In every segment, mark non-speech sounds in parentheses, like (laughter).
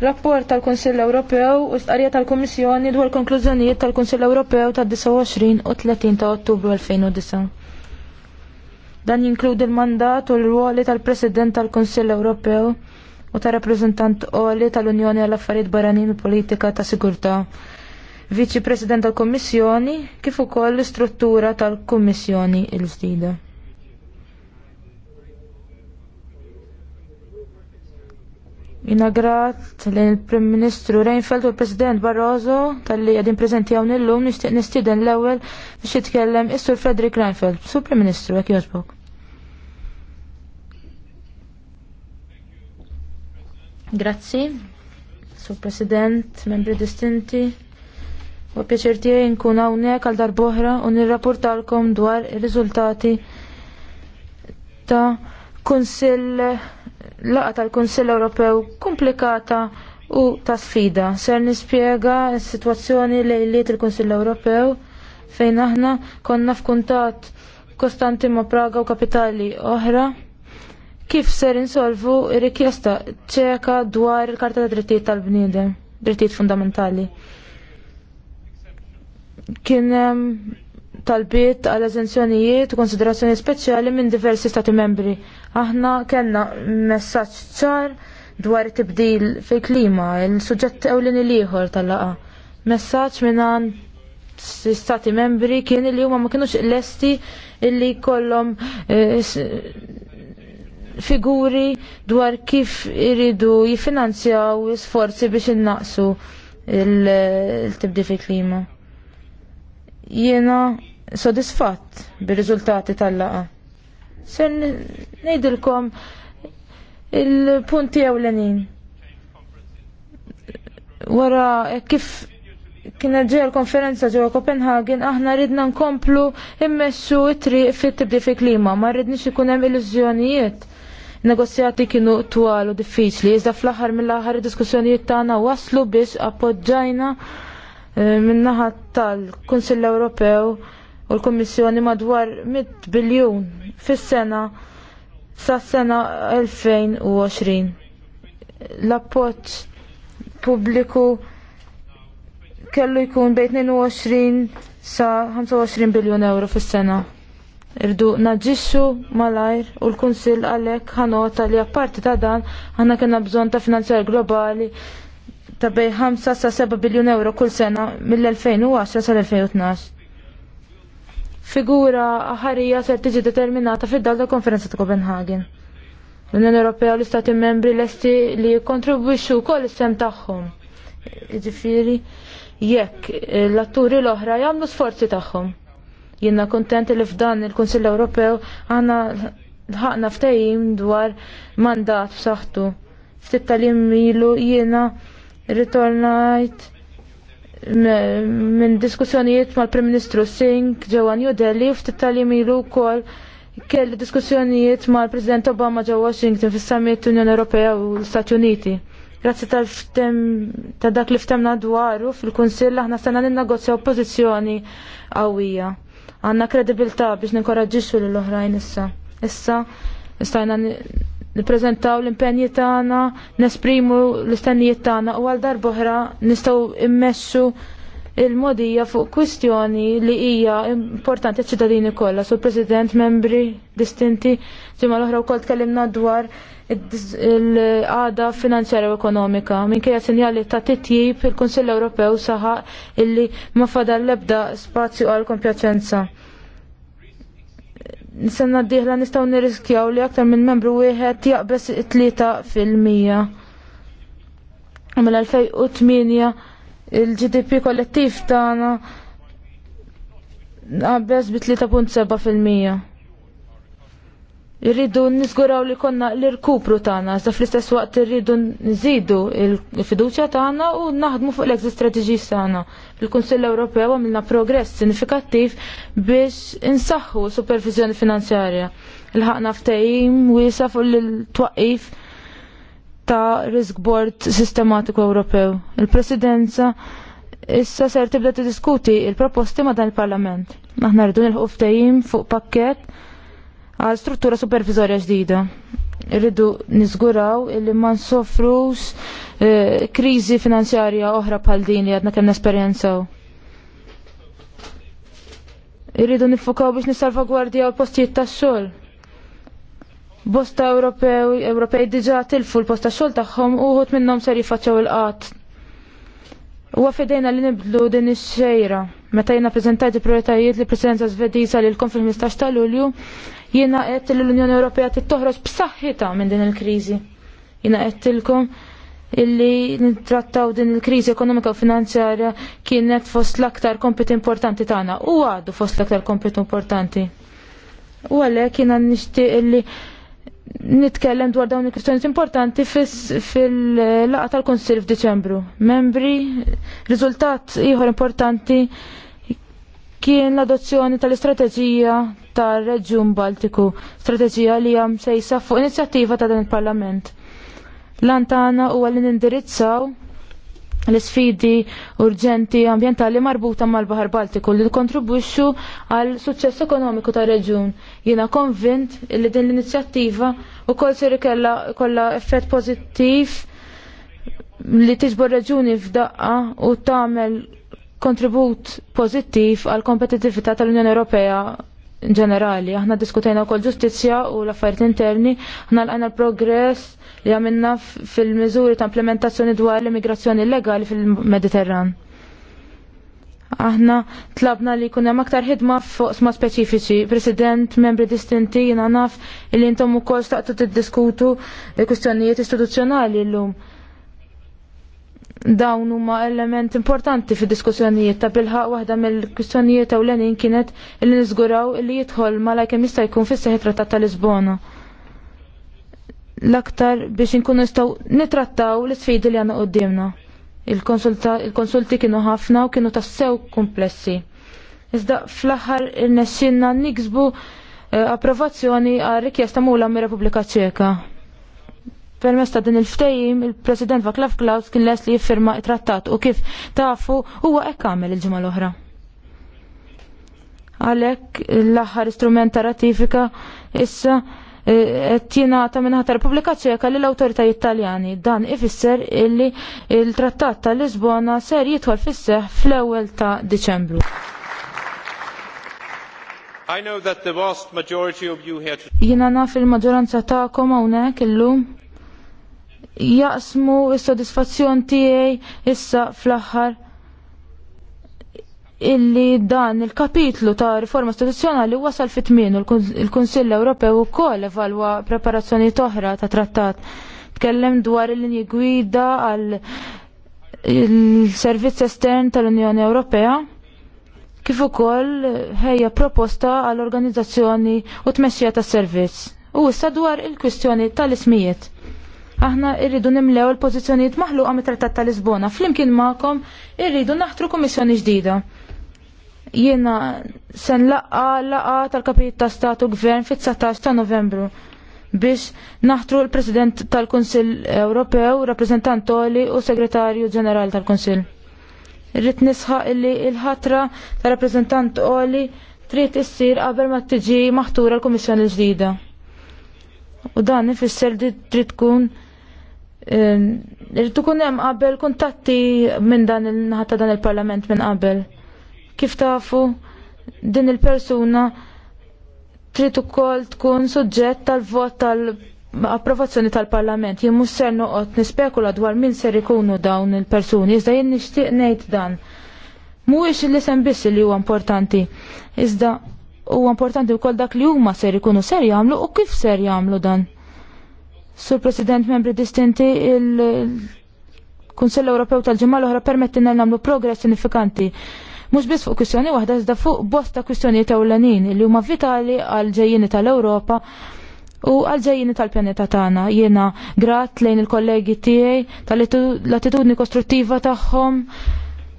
rapport tal-Kunsill Ewropew u stqarrija tal-Kummissjoni dwar konklużjonijiet tal-Kunsill Ewropew tad-29 u 30 ta' Ottubru 2009. Dan jinkludi l-mandat u l-ruoli tal-President tal-Kunsill Ewropew u ta' rappreżentant oli tal-Unjoni għall affarijiet Barranin u Politika ta' Sigurtà. Viċi President tal kummissjoni kif ukoll l-istruttura tal-Kummissjoni l-ġdida. Inagrat l-Prim Ministru Reinfeldt u l-President Barroso tal-li għadin prezenti għaw nil lum nistiden l-ewel biex jitkellem Istur Frederick Reinfeldt, Sur Prim Ministru, għak jozbok. Grazzi, Sur President, membri distinti, u pjaċir tiegħi nkun hawnhekk għal darboħra u nir-rapportalkom dwar ir-riżultati ta' kunsill laqa tal-Kunsill Ewropew komplikata u ta' sfida. Ser nispjega s-sitwazzjoni lejliet il-Kunsill Ewropew fejn aħna konna f'kuntat kostanti ma' Praga u kapitali oħra kif ser insolvu rikjesta ċeka dwar il-Karta ta' Drittijiet tal-Bniedem, Drittijiet Fundamentali. Kien talbiet għal eżenzjonijiet u konsiderazzjoni speċjali minn diversi stati membri. Aħna kellna messaġġ ċar dwar it-tibdil fil-klima, il-suġġett ewlin il-ieħor tal-laqa. Messaġġ minn stati membri kien li huma ma kienux lesti illi kollhom eh, figuri dwar kif iridu jifinanzjaw sforzi biex innaqsu il-tibdil fil-klima. Jiena sodisfatt bir-riżultati tal-laqa. Sen ngħidilkom il-punti ewlenin. Wara eh, kif kiena ġeja l-konferenza ġewwa Copenhagen aħna ridna nkomplu immessu t-triq fit-tibdi fi klima, ma rridniex ikun hemm illużjonijiet. Negozjati kienu twal u diffiċli, iżda fl-aħħar mill-aħħar id-diskussjonijiet tagħna waslu biex appoġġajna eh, min-naħa tal-Kunsill Ewropew u l kummissjoni madwar 100 biljun fis-sena sas-sena 2020. L-appoġġ pubbliku kellu jkun bejn 22 sa 25 biljun euro fis-sena. Irdu naġġixxu malajr u l-Kunsill għalhekk ħanota li apparti ta' dan għanna kellna bżonn ta' finanzjar globali ta' bej 5 sa 7 biljun euro kull sena mill-2010 sa 2012 figura ħarija ser tiġi determinata fid-dal konferenza ta' Copenhagen. L-Unjoni Ewropea u l-Istati membri lesti li kontribwixxu wkoll is-sem tagħhom. Jiġifieri jekk l-atturi l-oħra jagħmlu sforzi tagħhom. Jiena kuntent li f'dan il-Kunsill Ewropew għandna ħaqna ftehim dwar mandat b'saħħtu. Ftit tal-jiem ilu jiena ritornajt minn diskussjonijiet mal-Prim Ministru Singh ġewa New Delhi ftit tal ilu wkoll kelli diskussjonijiet mal-President Obama ġewa Washington fis-Summit Unjoni Ewropea u l-Stati Uniti. Grazzi ta' dak li ftemna dwaru fil-Kunsill aħna sena n-negozja oppozizjoni għawija. Għandna kredibilità biex ninkoraġġixxu l oħrajn issa. Issa, istajna nippreżentaw l-impenji tagħna, nesprimu l-istennijiet tagħna u għal darboħra nistgħu immexxu il-modija fuq kwistjoni li hija importanti ċ-ċittadini kollha. Sur President, membri distinti, ġimgħa l-oħra wkoll tkellimna dwar il-għada finanzjarja u ekonomika. Minkejja sinjali ta' titjib il-Kunsill Ewropew saħaq illi ma fadal l-ebda spazju għal kompjaċenza. Nistenna diħla nistaw nirriskjaw li aktar minn membru wieħed jaqbes 3%. fil-mija. Mill-2008 il-GDP kollettiv tagħna qabeż bi 3.7%. fil-mija. Irridu nizguraw li konna l-irkupru tagħna, sa fl-istess waqt irridu nżidu l-fiduċja tagħna u naħdmu fuq l-exit strategies tagħna. Il-Kunsill Ewropew għamilna progress sinifikattiv biex insaħħu supervizjoni finanzjarja. Il-ħaqna ftehim wiesa fuq l-twaqif ta' risk board sistematiku Ewropew. Il-Presidenza issa ser tibda tiddiskuti il-proposti ma' dan il-Parlament. Aħna rridu nilħu ftehim fuq pakkett għal struttura supervizorja ġdida. Rridu niżguraw illi ma nsofrux eh, krizi kriżi finanzjarja oħra bħal din li għadna kemm nesperjenzaw. Irridu nifokaw biex l postijiet tax-xogħol. Bosta Ewropew, Ewropej diġa tilfu l-post tax-xogħol tagħhom uħud minnhom ser jifaċċew il-qatt. Huwa fidejna li nibdlu din ix-xejra meta jiena prezentajti prioritajiet li presidenza Svediża li l-konfirm 15 ta' Lulju Jiena qed li l-Unjoni Ewropea tittoħroġ b'saħħitha minn din il-kriżi. Jiena qedtilkom illi nittrattaw din il-kriżi ekonomika u finanzjarja kienet fost l-aktar kompet importanti tagħna u għadu fost l-aktar kompet importanti. U għalhekk jiena nixtieq illi nitkellem dwar dawn il-kwistjoniet importanti fil-laqa tal-Konsil f'Diċembru. Membri, riżultat ieħor importanti kien l-adozzjoni tal-istrateġija tar-Reġjun Baltiku, strateġija li hija msejsa fuq inizjattiva ta' dan il-Parlament. Lantana huwa li nindirizzaw l-sfidi urġenti ambientali marbuta mal-Bahar Baltiku li kontribwixxu għal suċċess ekonomiku tar reġjun. Jiena konvint li din l-inizjattiva wkoll se ikella kollha effett pożittiv li tiġbor reġuni f'daqqa u tagħmel kontribut pozittiv għal kompetitività tal-Unjoni Ewropea ġenerali. Aħna diskutajna wkoll ġustizzja u l-affarijiet interni, aħna l progress li għamilna fil-miżuri ta' implementazzjoni dwar l-immigrazzjoni illegali fil-Mediterran. Aħna tlabna li kunem aktar ħidma fuq sma speċifiċi. President, membri distinti, jina naf li intom ukoll staqtu tiddiskutu kwistjonijiet istituzzjonali llum. lum dawn huma element importanti fi diskussjonijiet ta' bilħaq waħda mill-kwistjonijiet ewlenin kienet li niżguraw li jidħol mala kemm jista' jkun fis seħitra trattat ta' Lisbona. L-aktar biex inkunu nistgħu nitrattaw l-isfidi li għandna qudiemna. Il-konsulti kienu ħafna u kienu tassew komplessi. Iżda fl-aħħar irnexxinna niksbu eh, approvazzjoni għal rikjesta mula mir-Repubblika Ċeka. Permess ta' din il-ftejim, il-President Vaclav Klaus kien les li jiffirma it-trattat u kif tafu huwa hekk għamel il-ġimgħa l-oħra. Għalhekk l-aħħar istrument ta' ratifika issa eh, qed jingħata minn ħatar Repubblika Ċeka l awtoritajiet Taljani. Dan ifisser illi il-Trattat ta' Lisbona ser jitħol fis-seħħ fl-ewwel ta' Diċembru. I know that the vast majority of you here Jina naf il-maġoranza ta'kom hawnhekk illum jaqsmu s-sodisfazzjon tiegħi issa fl-aħħar illi dan il-kapitlu ta' riforma istituzzjonali wasal fit u l-Kunsill Ewropew ukoll evalwa preparazzjoni toħra ta' trattat. Tkellem dwar il-linji gwida għal il-servizz estern tal-Unjoni Ewropea kif ukoll ħejja proposta għall organizzazzjoni u tmexxija tas-servizz. U issa dwar il-kwistjoni tal-ismijiet. Aħna irridu nimlew il-pożizzjonijiet maħluqa mit-Trattat ta' Lisbona. Flimkien magħkom irridu naħtru kummissjoni ġdida. Jiena se nlaqqa laqa tal-Kapit ta' Statu Gvern fit-19 ta' Novembru biex naħtru l-President tal-Kunsill Ewropew, toli u Segretarju Ġenerali tal-Kunsill. Rrit nisħa illi il-ħatra ta' rappresentant oli trid issir qabel ma tiġi maħtura l-Kummissjoni l-ġdida. U dan ifisser li trid tkun Irrid ikun hemm qabel kuntatti minn dan il-naħa ta' dan il-Parlament minn qabel. Kif tafu din il-persuna trid ukoll tkun suġġett tal-vot tal approvazzjoni tal-Parlament jien mhux ser noqgħod nispekula dwar min ser ikunu dawn il-persuni, iżda jien nixtieq ngħid dan. Mhuwiex il isem biss li huwa importanti, iżda huwa importanti wkoll dak li huma ser ikunu ser jagħmlu u kif ser jagħmlu dan. Sur President, membri distinti, il-Kunsell Ewropew tal ġemal uħra oħra permettina nagħmlu progress sinifikanti. Mhux biss fuq kwistjoni waħda iżda fuq bosta kwistjonijiet ewlenin li huma vitali għal ġejjini tal-Ewropa u għal ġejjini tal-pjaneta tagħna. Jiena grat lejn il-kollegi tiegħi tal-attitudni kostruttiva tagħhom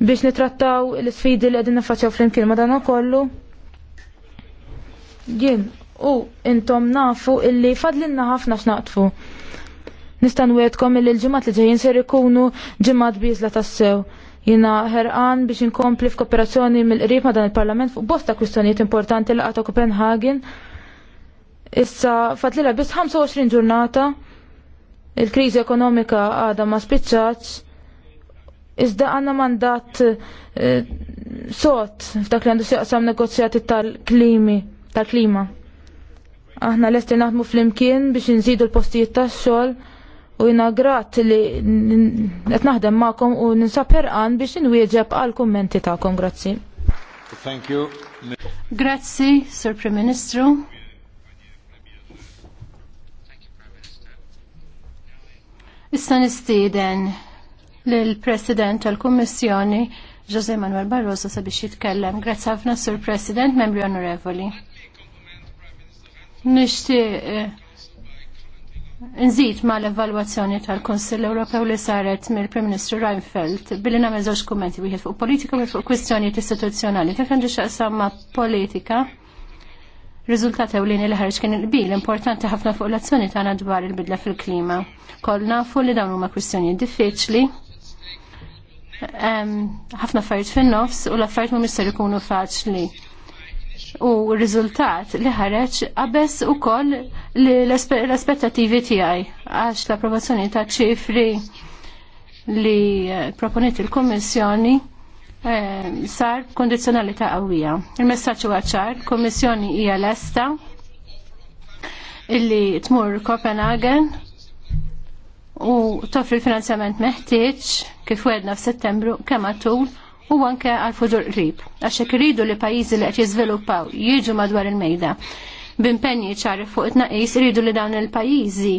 biex nitrattaw l-sfidi li qegħdin naffaċċjaw flimkien ma' dan kollu. Jien u intom nafu illi fadlinna ħafna x'naqtfu. Nista' wietkom illi l-ġimgħat li ġejjin ser ikunu ġimgħat biżla tassew. Jina herqan biex inkompli f'kooperazzjoni mill-qrib ma' dan il-Parlament fuq bosta kwistjonijiet importanti laqgħa ta' Copenhagen. Issa fadlilha biss 25 ġurnata il-kriżi ekonomika għadha ma spiċċaċ iżda għanna mandat eh, sot f'dak li għandu xieqsam negozjati tal-klimi, tal-klima. Aħna lesti naħdmu fl-imkien biex nżidu l-postijiet tax-xogħol u jina grat li qed naħdem magħkom u ninsab ħerqan biex inwieġeb għal ta' tagħkom. Grazzi. Thank you. Grazzi, Sir Prim Ministru. Issa nistieden lill president tal-Kummissjoni Jose Manuel Barroso sabiex jitkellem. Grazzi ħafna Sur President, membri onorevoli. Nixtieq eh, Nżid ma l-evalwazzjoni tal-Konsill Ewropew li saret mill-Prim Ministru Reinfeldt billi nagħmel żewġ kummenti wieħed fuq politika u fuq kwistjonijiet istituzzjonali. Kif għandi xaqsam politika? Riżultat ewlieni li ħareġ kien il bil importanti ħafna fuq l-azzjoni tagħna dwar il-bidla fil-klima. Koll nafu li dawn huma kwistjonijiet diffiċli. Ħafna affarijiet fin-nofs u l-affarijiet mhumiex ser ikunu faċli u r-riżultat li ħareġ qabess ukoll l-aspettativi tiegħi għax l-approvazzjoni ta' ċifri li proponiet il-Kommissjoni eh, sar ta' qawwija. Il-messaġġ huwa ċar, Kommissjoni hija lesta illi tmur Copenhagen u toffri l-finanzjament meħtieġ kif wedna f'Settembru kemm għatul u anke għal fudur qrib. Għax hekk li pajjiżi li qed jizviluppaw jiġu madwar il-mejda b'impenji ċari fuq it-naqis rridu li dawn il-pajjiżi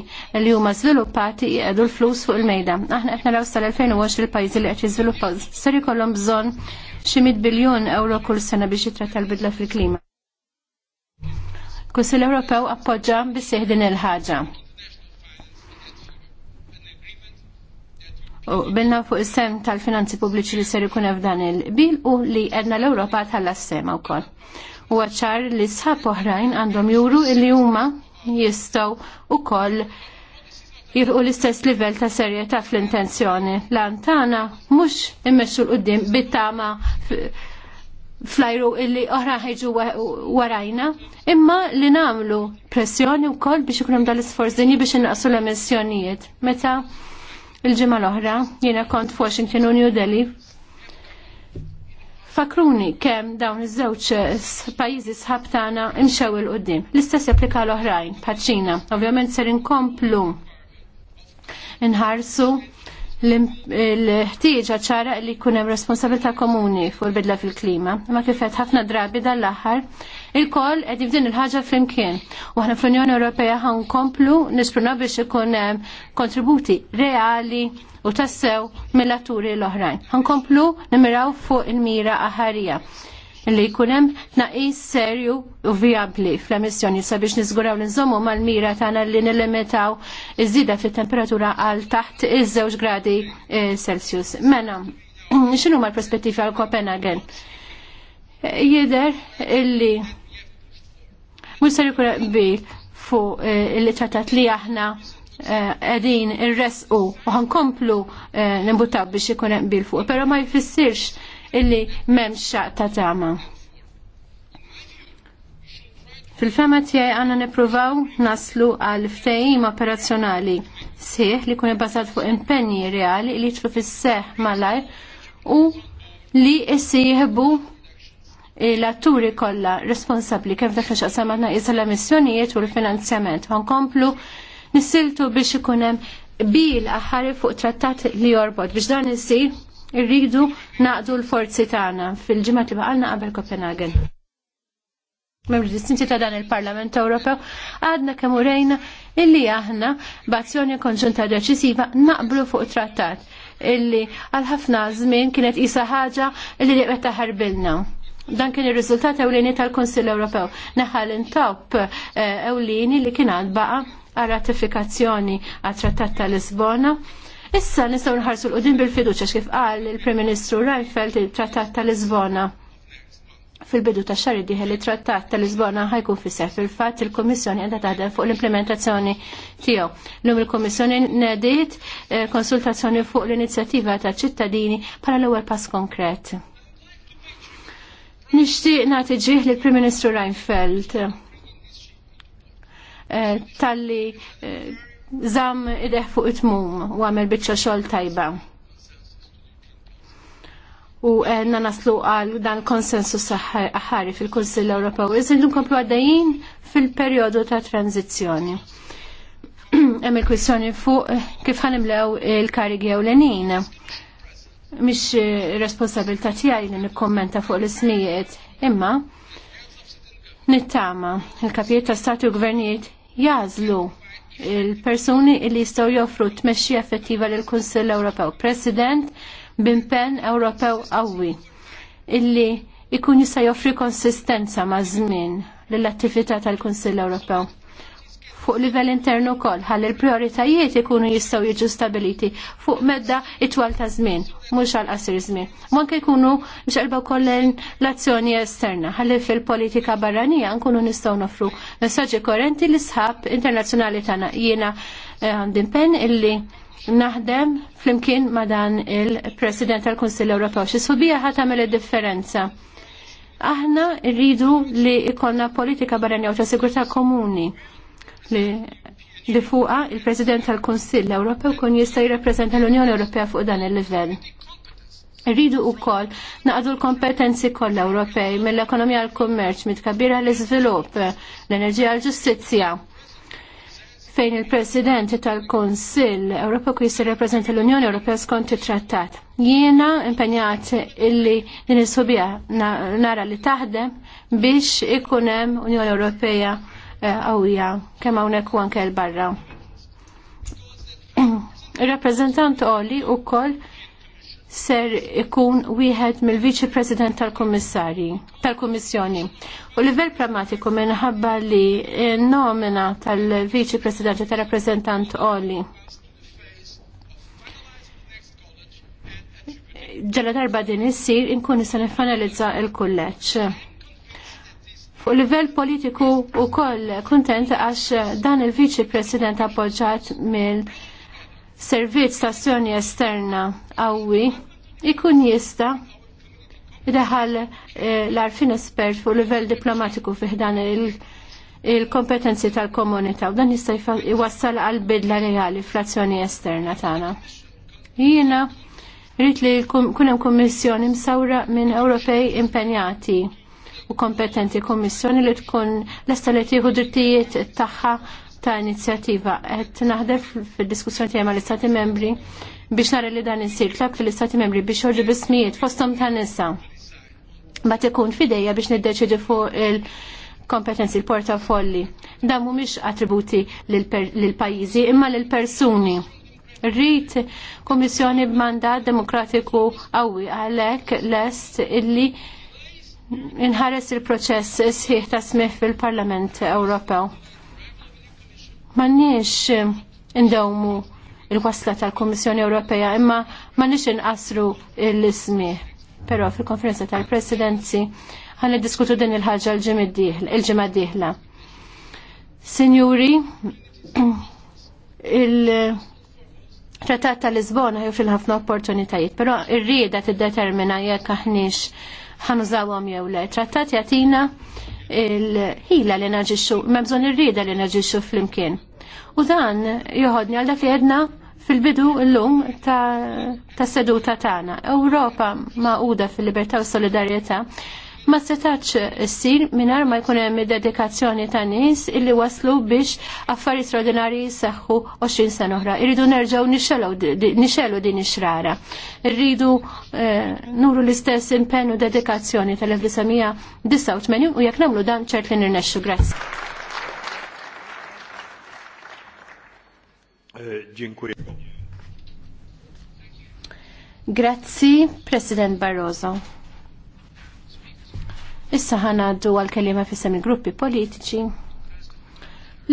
li huma żviluppati jgħedu l-flus fuq il-mejda. Aħna qed naraw sal-2020 il pajizi li qed jiżviluppaw ser ikollhom bżonn xi 100 biljun euro kull sena biex jitratta l-bidla fil-klima. Kunsill Ewropew appoġġa bisih din il-ħaġa bilna fuq is-sem tal-finanzi pubbliċi li ser ikun f'dan il-bil u li għedna l-Ewropa tħallas sema wkoll. U għacċar li sħab oħrajn għandhom juru li huma jistgħu ukoll jirqu l-istess livell ta' serjetà fl-intenzjoni. Lantana mhux immexxu l-qudiem bit-tama flajru illi oħra ħeġu warajna, imma li namlu pressjoni u kol biex ikunem dal-isforz dinji biex inqasu l-emissjonijiet. Meta il-ġimgħa l-oħra jiena kont f'Washington u New Delhi. Fakruni kemm dawn iż-żewġ eh, pajjiżi sħab tagħna imxew il qudiem L-istess japplika l-oħrajn paċina. ċina Ovvjament ser inkomplu inħarsu l-ħtieġa ċara li jkun hemm responsabilità komuni fuq il-bidla fil-klima. Ma kif qed ħafna drabi dan l-aħħar Il-koll qed din il-ħaġa flimkien. U aħna fl-Unjoni Ewropea għan komplu nispruna biex ikun kontributi reali u tassew mill-atturi l-oħrajn. Għan komplu nimiraw fuq il-mira aħarija li jkunem naqis serju u viabli fl-emissjoni sabiex nizguraw nizomu mal-mira tagħna li nilimitaw iż-żida fit-temperatura għal taħt iż-żewġ gradi eh, Celsius. Mena, (clears throat) x'inhu l-perspettivi għal Kopenhagen? Eh, Jider illi Mux ser bil fuq eh, il-ċatat li aħna eh, għedin il-resqu u ħankomplu eh, nimbutab biex jikun bil fuq, pero ma jfissirx illi memx xaq ta' tama. Fil-fema tiegħi għandna nippruvaw naslu għal ftehim operazzjonali sieħ li kun ibbażat fuq impenji reali li ċfu fis-seħ Malaj u li jsieħbu l-atturi kollha responsabbli kemm dak xaqsam għandna l-emissjonijiet u l-finanzjament. Ħankomplu nissiltu biex ikun hemm bil aħari fuq trattat li jorbot biex dan isir irridu naqdu l-forzi tagħna fil-ġimgħat li baqalna qabel Copenhagen. Membri distinti ta' dan il-Parlament Ewropew għadna kemm urejna illi aħna b'azzjoni konġunta deċisiva naqblu fuq trattat illi għal ħafna żmien kienet isa ħaġa illi li qed taħarbilna. Dan kien ir-riżultat ewlieni tal-Kunsill Ewropew. Naħal intop eh, ewlieni li kien għadbaqa għal ratifikazzjoni għat trattat tal-Lisbona. Issa nistgħu nħarsu l-qudiem bil-fiduċa kif qal il-Prim Ministru Rajfeld il-Trattat tal-Lisbona fil-bidu ta' xar diħel li trattat ta' Lisbona ħajkun fisser fil-fat il-Komissjoni għedha taħdem fuq l-implementazzjoni tiegħu. Lum il-Komissjoni nediet eh, konsultazzjoni fuq l-inizjattiva ta' ċittadini bħala l-ewwel pass konkret. Nixtieq nagħti ġrieħ lill prim Ministru Reinfeldt eh, talli eh, żamm ideħ fuq it-tmum u għamel biċċa xogħol tajba. U għenna naslu għal dan konsensus saħħari fil-Kunsill Ewropew. Iżin nkomplu għaddejjin fil-perjodu ta' tranzizjoni. (clears throat) Hemm il-kwistjoni fuq kif ħanimlew il-karigi ewlenin mish eh, responsabilta tijaj li nikkommenta fuq l-ismijiet, imma nittama il-kapijiet ta' Statu u gvernijiet jazlu il-personi li jistaw joffru t tmexxi effettiva l kunsill Ewropew, President bimpen Ewropew qawwi illi ikun jista' joffri konsistenza ma' żmien lill-attività tal-Kunsill Ewropew fuq livell internu kol, ħalli l-prioritajiet ikunu jistaw jiġu stabiliti fuq medda it-twal ta' żmien, mhux għal qasir żmien. Manke jkunu mxalba wkoll l-azzjoni esterna, ħalli fil-politika barranija nkunu nistgħu nofru messaġġi korrenti l sħab internazzjonali tagħna jiena eh, għandin pen illi naħdem flimkien ma' dan il-President tal-Kunsill Ewropew. Xi subija ħat tagħmel differenza Aħna rridu li ikonna politika barranija u ta' sigurta komuni li li fuqa il-President tal-Konsill Ewropew kun jista' jirrappreżenta l-Unjoni Ewropea fuq dan il-livell. Rridu u koll naqdu l-kompetenzi kollha Ewropej mill-ekonomija għal-kummerċ, mit-kabira l-iżvilupp, l-enerġija għal-ġustizzja fejn il-President tal-Konsill Ewropew kun jista' jirrappreżenta l-Unjoni Ewropea skont it-trattat. Jiena impenjat illi din is nara li taħdem biex ikun hemm Unjoni Ewropea qawwija eh, kemm hawnhekk u anke l barra. (clears throat) Ir-rappreżentant Oli wkoll ser ikun wieħed mill-Viċi President tal-Kummissarji tal-Kummissjoni. U livell pragmatiku minħabba li nomina tal-Viċi President tal-Rappreżentant Oli ġala darba din issir inkun nista' nifanalizza l-kulleġġ. Fuq livell politiku u koll kontent għax dan il-Viċi President appoġġat mill servizz ta' azzjoni esterna għawi ikun jista daħal eh, l-arfin espert fuq livell diplomatiku fiħdan il- il-kompetenzi tal-komunità u dan jista' jwassal għal bidla reali fl-azzjoni esterna tagħna. Jiena rrit li kunem hemm kummissjoni msawra minn Ewropej impenjati u kompetenti kommissjoni li tkun l-estalet jihu drittijiet tagħha ta' inizjattiva. Għet naħdem fid-diskussjoni tiegħi mal-Istati Membri biex nara li dan insir klab fil-Istati Membri biex uġu bismijiet fosthom ta' nisa. Ma tkun fidejja biex niddeċidu fuq il- kompetenzi l-portafolli. Dan mhumiex attributi lill-pajjiżi imma lill-persuni. Rrit komissjoni b'mandat demokratiku qawwi għalhekk lest illi inħares il-proċess sħiħ ta' smih fil-Parlament Ewropew. M'għandniex indewmu il-wasla tal komissjoni Ewropea imma m'għandniex inqasru il-smih. Però fil-konferenza tal-Presidenzi ħan diskutu din il-ħaġa l-ġimgħa d-dieħla. il-Trattat tal-Lisbona fil ħafna opportunitajiet, però ir-rieda tiddetermina jekk aħniex ħanużawhom jew le. Trattat jagħtina il-ħila li naġixxu, bżonn ir-rieda li naġixxu flimkien. U dan joħodni għal dak li għedna fil-bidu l-lum ta', ta seduta tagħna. Ewropa uda fil-libertà u solidarjetà ma setax issir mingħajr ma jkun hemm dedikazzjoni ta' nies illi waslu biex affarijiet straordinarji jseħħu 20 sena oħra. Irridu nerġgħu nixelu din ixrara. Irridu eh, nuru l-istess impenn u dedikazzjoni tal-1989 u jekk nagħmlu dan ċert li nirnexxu. Grazie. Eh, dziękuję. Grazzi, President Barroso. Issa ħanaddu għal-kelima fissem il-gruppi politiċi.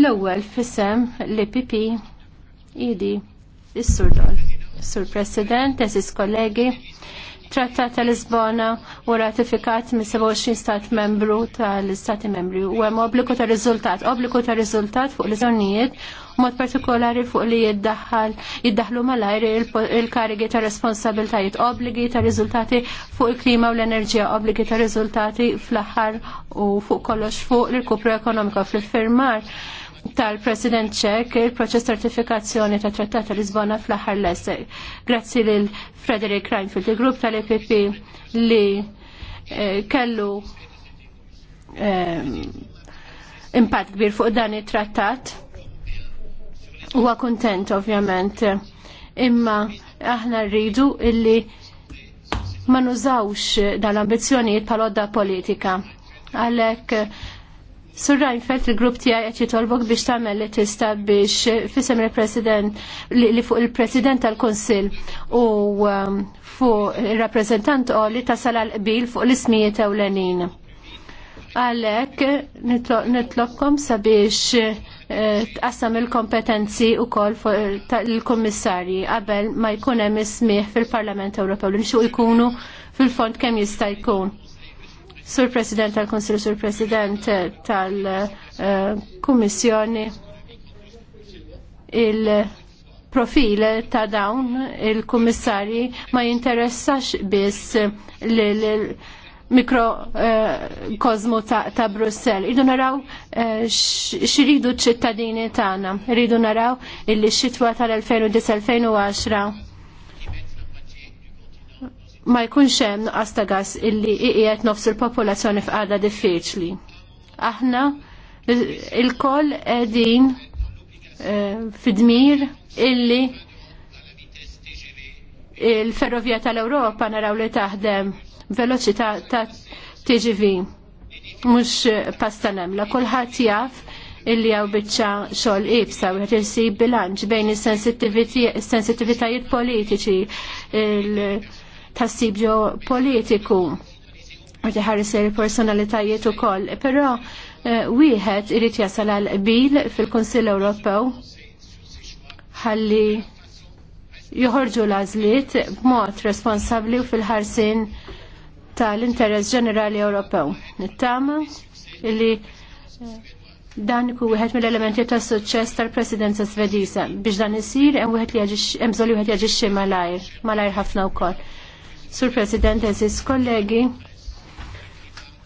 L-ewwel fissem l-IPP idi e is-Sur Dol. Sur President, eżis kollegi, trattat tal-Lisbona u ratifikat minn 27 stat membru tal istati membri u hemm obliku ta' riżultat, obliku ta' riżultat fuq l u mod partikolari fuq li jiddaħħal jiddaħlu malajr il-karigi ta' responsabiltajiet, obbligi ta' riżultati fuq il-klima u l-enerġija, obbligi ta' riżultati fl-aħħar u fuq kollox fuq l-kupru ekonomika fl-firmar tal-President ċek il-proċess certifikazzjoni ta' trattat ta' Lisbona fl-aħħar lesser. Grazzi lil Frederick Reinfeldt, il-grupp tal-EPP li eh, kellu eh, impatt kbir fuq dan it-trattat. Huwa kuntent ovvjament, imma aħna rridu illi ma nużawx dal-ambizzjonijiet tal-odda politika. Għalhekk Surra, Reinfeldt, il-grupp tijaj għet jitolbok biex tamel li tista biex fissem il-president li fuq il-president tal-konsil u um, fuq il-rappresentant u li tasal għal-qbil fuq l-ismijiet ewlenin. Għalek, nitlokkom sabiex eh, tqassam il-kompetenzi u kol il-kommissari qabel ma jkun hemm fil-Parlament Ewropew li nxu jkunu fil-fond kemm jista' jkun Sur President tal konsilju Sur President tal-Kummissjoni, il-profil ta' dawn il-Kummissarji ma jinteressax biss l-mikrokozmu ta' Brussel. Idu naraw eh, xiridu ċittadini tagħna, iridu naraw il-xitwa 2010 2010 ma jkunx hemm nuqqas ta' gas illi qiegħed nofs il-popolazzjoni f'qada diffiċli. Aħna il-koll qegħdin eh, fidmir illi il-ferrovija tal-Ewropa naraw li taħdem veloċità ta' TGV mhux pasta nemla kulħadd jaf illi għaw biċċa xogħol ibsa u għet bilanċ bejn is-sensitivitajiet politiċi, tassibġo politiku u tiħares il-personalitajiet u koll. Pero eh, wieħed irrit jasal għal bil fil-Konsil Ewropew ħalli joħorġu l-azliet b'mod responsabli u fil-ħarsin tal-interess ġenerali Ewropew. Nittama illi eh, dan ku wieħed mill-elementi ta' suċċess tal-Presidenza Svedisa biex dan isir hemm wieħed li hemm bżonn wieħed jaġixxi malajr, malajr ħafna wkoll. Sur President, eżis kollegi,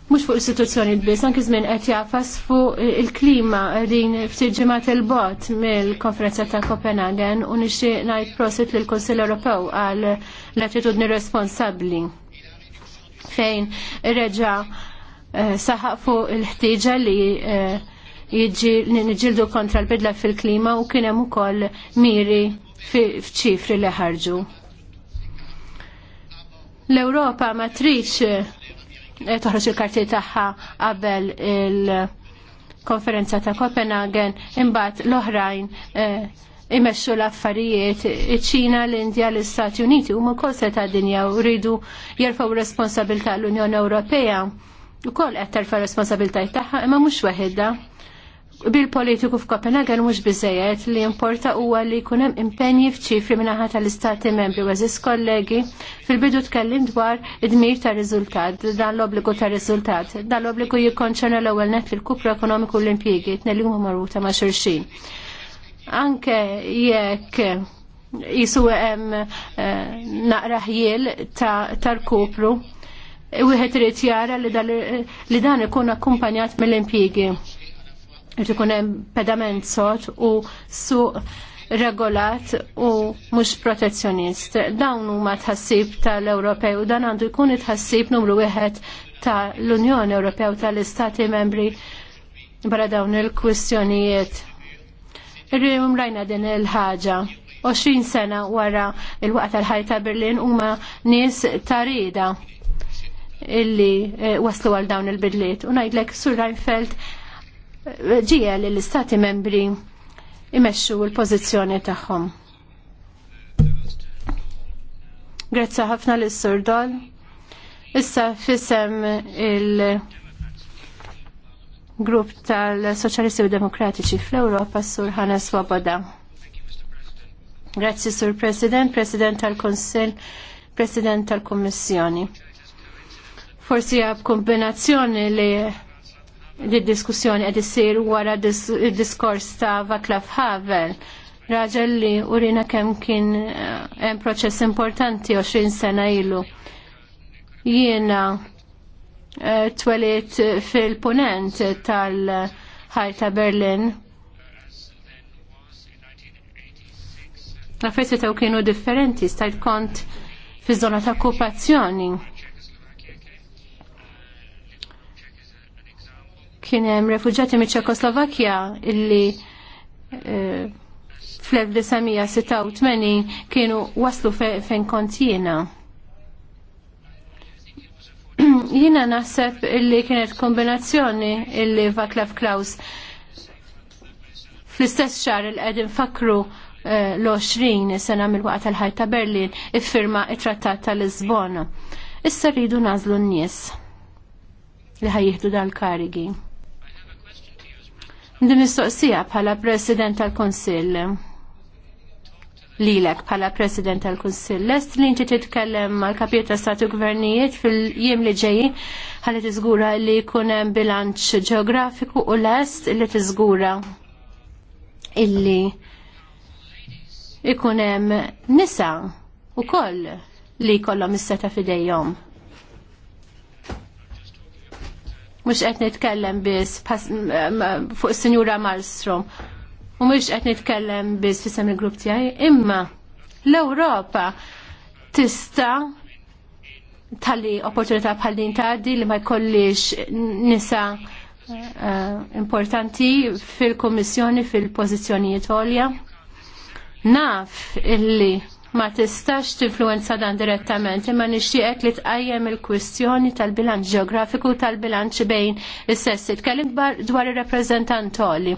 mux fuq istituzzjoni biss, anki żmien qed jafas fuq il-klima din ftit ġimgħat il-bot mill-konferenza ta' Copenhagen u nixtieq ngħid prosit lill kunsill Ewropew għal l-attitudni responsabbli fejn reġa' eh, saħaq fuq il-ħtieġa li eh, jiġġieldu kontra l-bidla fil-klima u kien hemm ukoll miri f'ċifri li ħarġu. L-Ewropa ma trix eh, toħroġ il-karti tagħha qabel il-konferenza ta' Copenhagen imbagħad l-oħrajn eh, imexxu l-affarijiet iċ-Ċina, l-Indja, l-Istati Uniti huma wkoll se ta' dinja u rridu jerfgħu responsabilità l-Unjoni Ewropea. Ukoll qed terfa' responsabiltajiet tagħha imma mhux weħedha bil-politiku f'Kopenhagen mhux biżejjed li importa huwa li jkun hemm impenji f'ċifri minaħa tal-Istati Membri weżis kollegi fil-bidu tkellim dwar id-dmir ta' riżultat, dan l-obbligu ta' riżultat. Dan l-obbligu jikkonċerna l-ewwel net fil-kupru ekonomiku l-impjiegi tnelli huma marruta ma' xulxin. Anke jekk jisu hemm eh, naqra ħjiel tal-kupru, wieħed irid jara li dan ikun akkumpanjat mill-impjiegi Irrid ikun hemm pedament sod u suq regolat u mhux protezzjonist. Dawn huma tħassib tal-Ewropew u dan għandu jkun it-tħassib numru wieħed tal-Unjoni Ewropew tal-Istati membri barra dawn il-kwistjonijiet. Rrim rajna din il-ħaġa. 20 sena wara il-waqt tal-ħajja ta' Berlin huma nies tarida illi eh, waslu għal dawn il-bidliet. U ngħidlek Sur Reinfeldt ġija li l-istati membri imesċu l pozizjoni taħħom. Grazzi ħafna l Dol. Issa fissem il-grupp tal-Soċjalisti u Demokratiċi fl-Ewropa Sur Hannes Swoboda. Grazzi Sur President, President tal-Konsil, President tal-Kommissjoni. Forsi għab kombinazzjoni li li diskussjoni qed issir wara diskors ta' Vaclav Havel raġel li urina kemm kien eh, hemm proċess importanti 20 sena ilu. Jiena eh, twelit fil-punent tal-ħajta Berlin. Affessi taw kienu differenti, stajt kont fi zona ta' okkupazzjoni. kien hemm refuġjati miċ ċekoslovakkja illi eh, fl-1986 kienu waslu fejn kont jiena. (clears throat) Jiena naħseb illi kienet kombinazzjoni illi Vaclav Klaus fl-istess xar il-qegħdin fakru eh, l-20 sena mill-waqt tal ħajta Berlin iffirma it-Trattat ta' Lisbona. Issa rridu nazlu n-nies li ħajjieħdu dal-karigi. Din mistoqsija bħala President tal-Konsill lilek bħala President tal-Kunsill. Lest li inti titkellem mal kapir ta' Statu Gvernijiet fil-jiem li ġejjin ħalli tiżgura li jkun hemm bilanċ ġeografiku u lest li tiżgura illi ikun hemm nisa wkoll li jkollhom is-seta' fidejhom. mux qed nitkellem biss fuq Sinjura Malmstrom u mux qed nitkellem biss fisem il-grupp tiegħi, imma l-Ewropa tista' tali opportunità bħal din tgħaddi li ma jkollix nisa eh, importanti fil-Kommissjoni fil-pożizzjonijiet għolja. Naf illi ma tistax tinfluenza dan direttament imma nixtieqek li tqajjem il-kwistjoni tal-bilanċ ġeografiku tal-bilanċ bejn is-sessi. Tkellim dwar ir-rappreżentantoli.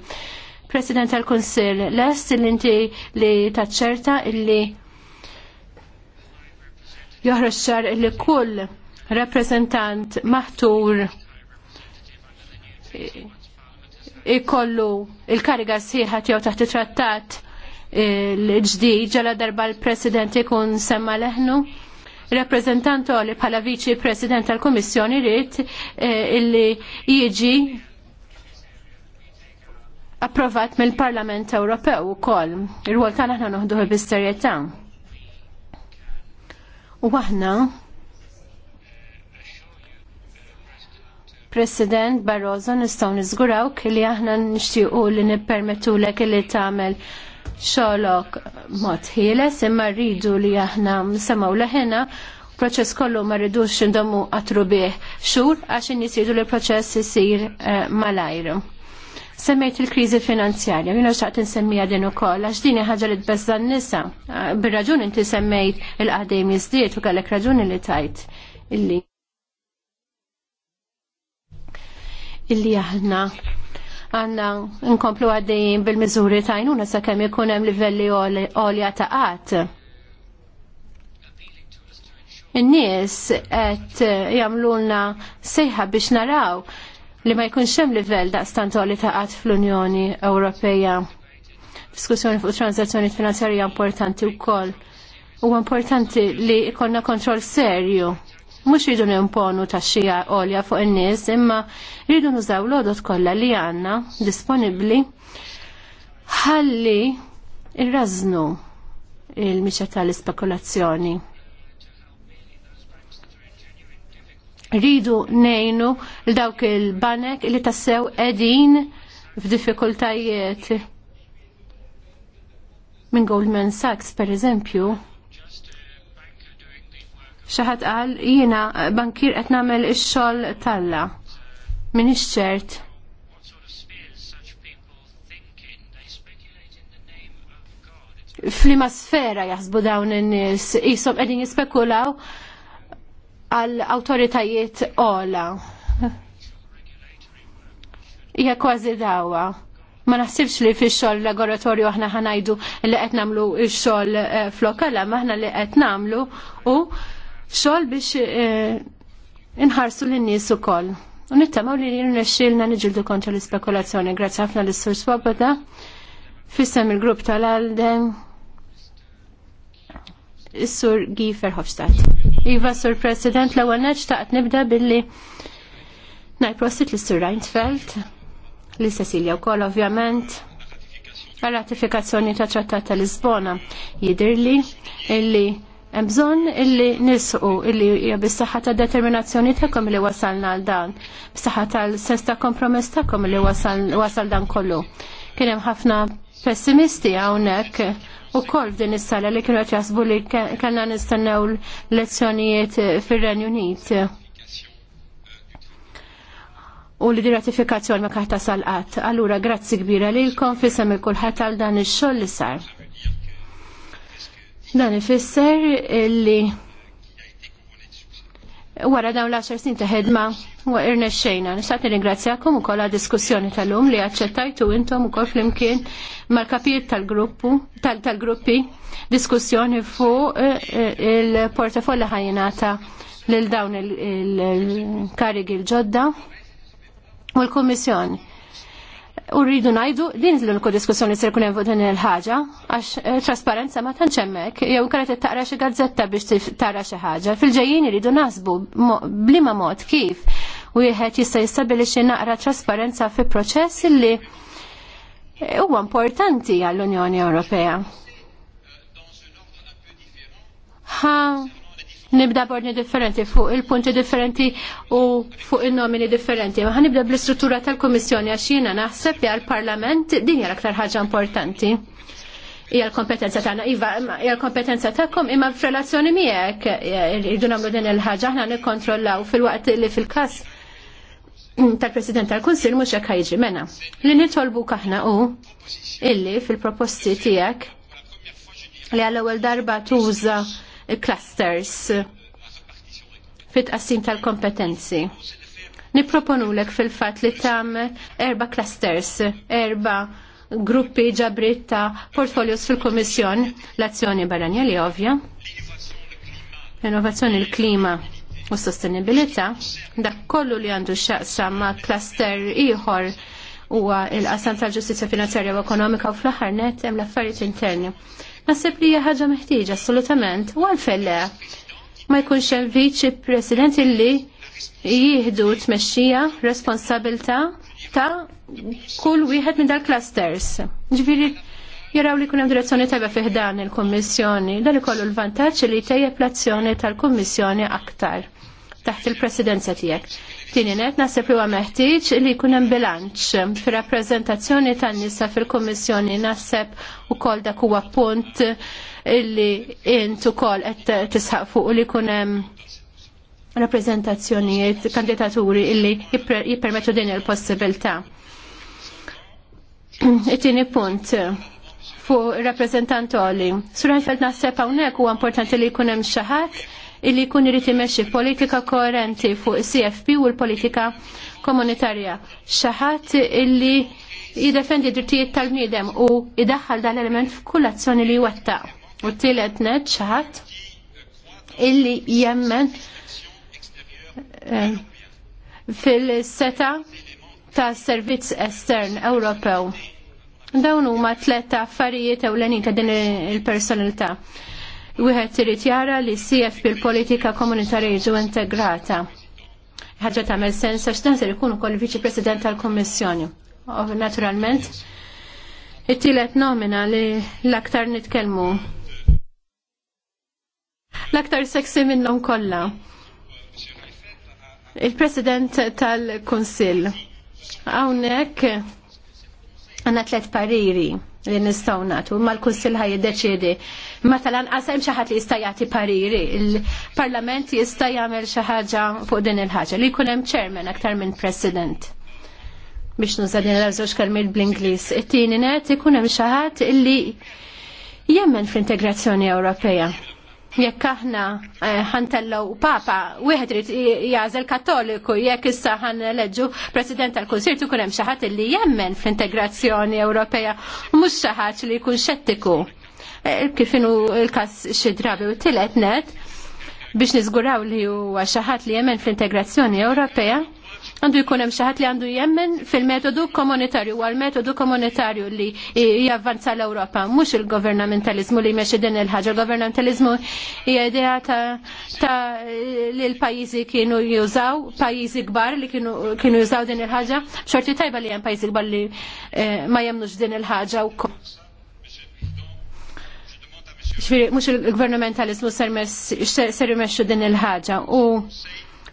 President tal-Kunsill, lest li inti li taċċerta illi joħroġ xar li kull rappreżentant maħtur ikollu il-kariga sħiħa tiegħu taħt it-trattat l-ġdid ġala darba l-President ikun semma leħnu. Reprezentant li bħala viċi President tal-Komissjoni rrit eh, illi jiġi approvat mill-Parlament Ewropew ukoll. Ir-rwol tagħna aħna noħduh bis-serjetà. U aħna President Barroso nistgħu niżguraw li aħna nixtiequ li nippermettulek li tagħmel xolok mod ħieles imma rridu li aħna semaw leħena proċess kollu ma rridux indomu għatru bih xur għax nisidu li proċess jisir eh, malajru. Semmejt il-krizi finanzjarja, jina xaqt nsemmija din u koll, għax dini ħagġa li tbezza n-nisa. Ah, Bir-raġun inti semmejt il-qadem jizdiet u għalek raġuni li tajt illi. Illi aħna għanna nkomplu għaddejjien bil-mizuri tajnuna sa' kemm ikun hemm livelli għolja ta' qatt. In-nies qed jagħmlulna sejħa biex naraw li ma jkunx hemm livell daqstant għolja ta' qatt fl-Unjoni Ewropea. Diskussjoni fuq transazzjoni finanzjarija importanti wkoll. Huwa importanti li jkollna kontroll serju Mhux rridu nimponu taxxija għolja fuq in-nies, imma rridu nużaw l-għodot kollha li għandna disponibbli ħalli irrażnu il-miċa tal-ispekulazzjoni. Ridu nejnu l-dawk il-banek li tassew edin f'diffikultajiet minn Goldman Sachs, per eżempju, Xaħat għal jiena bankir qed nagħmel ix-xogħol talla. Min ċert. Flima sfera jaħsbu dawn in-nies qishom qegħdin jispekulaw għal awtoritajiet ola. Hija kważi dawa ma naħsibx li fi xogħol laboratorju aħna ħanajdu li qed nagħmlu x-xogħol eh, flokala, ma aħna li qed nagħmlu u xogħol biex eh, inħarsu lin-nies ukoll. U nittamaw li nirnexxilna niġildu kontra l-ispekulazzjoni. Grazzi ħafna l-Sur Swoboda. Fissem il-grupp tal-Alden. Is-Sur Gifer Hofstadt. Iva, Sur President, l-ewwel taqt nibda billi najprostit l-Sur Reinfeldt, li Cecilia wkoll ovvjament, għal ratifikazzjoni ta' Trattat l Lisbona. Jidirli illi Hemm bżonn illi nisqu illi hija bis-saħħa ta' determinazzjoni tagħkom li wasalna għal dan, bis tal-sens ta' kompromess tagħkom li wasal, wasal dan kollu. Kien hemm ħafna pessimisti hawnhekk ukoll din is-sala li kienu qed li kellna nistennew lezzjonijiet fir-Renju Unit. U li di ratifikazzjoni ma kaħta sal qat Allura grazzi kbira lilkom konfisem il kulħadd għal dan ix-xogħol li sar. Dan ifisser li wara dawn l-10 snin ta' ħedma irna xejna. Nixtaqt nirringrazzjakom ukoll għad diskussjoni tal-lum li għacċettajtu intom ukoll flimkien mal-kapijiet tal tal-gruppi diskussjoni fuq eh, eh, il-portafolli ħajinata lil dawn il-karigi l-ġodda u l-Kummissjoni u rridu ngħidu li nżlu l diskussjoni se jkun hemm fuq din il-ħaġa għax eh, trasparenza ma tantx hemmhekk jew kara taqra xi gazzetta biex taqra xi ħaġa. Fil-ġejjin iridu nasbu bliema mod kif wieħed jista' jistabbilixxi naqra trasparenza fi proċess li huwa importanti għall-Unjoni Ewropea. Ha nibda bordni differenti fuq il-punti differenti u fuq il-nomini differenti. Ma nibda bl-istruttura tal-Komissjoni għax jiena naħseb li għal-Parlament din hija l-aktar ħaġa importanti. Hija l-kompetenza tagħna, iva, hija l-kompetenza tagħkom imma f'relazzjoni miegħek eh, irridu nagħmlu din il-ħaġa aħna nikkontrollaw fil-waqt li fil-każ tal-President tal-Kunsil mhux hekk ħajġi mena. Li nitolbu kaħna u illi fil-proposti tiegħek li għall-ewwel darba tuża clusters fit-qassim tal-kompetenzi. Nipproponulek fil-fat li tagħmel erba clusters, erba gruppi ġabrit ta' portfolios fil-Komissjon, l-azzjoni barranja li ovja. l-innovazzjoni l-klima u s-sostenibilità, dak kollu li għandu xaqsa ma' cluster ieħor huwa il-qasam tal-ġustizja finanzjarja u ekonomika u fl-aħħar net hemm l-affarijiet interni. Nasib li ħaġa meħtieġa assolutament, u għalfelle ma jkunx hemm viċi president illi jieħdu tmexxija responsabilta ta' kull wieħed minn dal-clusters. Ġifieri jaraw li kunem direzzjoni tajba fiħdan il-Kommissjoni, dan ikollu l-vantaġġ li tejjeb l-azzjoni tal-Kommissjoni aktar taħt il-presidenza tiegħek. Tieni net naħseb huwa meħtieġ li jkun hemm bilanċ fir-rappreżentazzjoni tan-nisa fil-Kummissjoni naħseb ukoll dak huwa punt li int ukoll qed tisħaq fuq li jkun hemm rappreżentazzjonijiet kandidaturi illi jippermettu din il-possibilità. (clears throat) It-tieni punt fuq rappresentant oli. Surajfeld naħseb hawnhekk huwa importanti li jkun hemm xi ħadd illi jkun irid imexxi politika koerenti fuq CFP u l-politika komunitarja. ħadd illi jiddefendi drittijiet tal-bniedem u jdaħħal dan element f'kull azzjoni li jwettaq. U tielet net ħadd illi jemmen eh, fil-seta ta' servizz estern Ewropew. Dawn huma tlet affarijiet ewlenin ta' din il-personalità wieħed irid jara li sief bil-politika komunitarja jiġu integrata. Ħaġa tagħmel sens għax dan se jkun ukoll viċi President tal-Kummissjoni. Naturalment, it-tielet nomina li l-aktar nitkellmu l-aktar seksi minnhom kollha. Il-President tal-Kunsill. Hawnhekk għandna tliet pariri li nistgħu nagħtu, mal l-Kunsill ħaj jiddeċiedi Matalan, għasem xaħat li jista' jagħti pariri, il-parlament jista' jagħmel xi ħaġa fuq din il-ħaġa li jkun hemm chairman aktar minn president biex nuzadin l-żewġ kalmil bl-Ingliż. It-tieni net ikun hemm xi ħadd illi jemmen fl-integrazzjoni Ewropea. Jekk aħna eh, ħantellaw papa, wieħed jażel kattoliku, jekk issa ħan leġġu president tal-Kunsil tkun hemm xi ħadd illi jemmen fl-integrazzjoni Ewropea u mhux xi ħadd li jkun xettiku. Eh, kif inhu l-każ xi drabi u tilet net biex niżguraw li huwa xi ħadd li jemmen fl-integrazzjoni Ewropea għandu jkun hemm xi ħadd li għandu jemmen fil-metodu komunitarju għal metodu komunitarju li javvanza l-Ewropa, mhux il-governamentalizmu li jmexxi din il-ħaġa. Il-governamentalizmu hija idea ta' li l-pajjiżi kienu jużaw, pajjiżi kbar li kienu jużaw din il-ħaġa, xorti tajba li hemm pajjiżi kbar li eh, ma jemnux din il-ħaġa wkoll ċfiri, mux il-gvernamentalizmu ser imexxu din il-ħagġa. U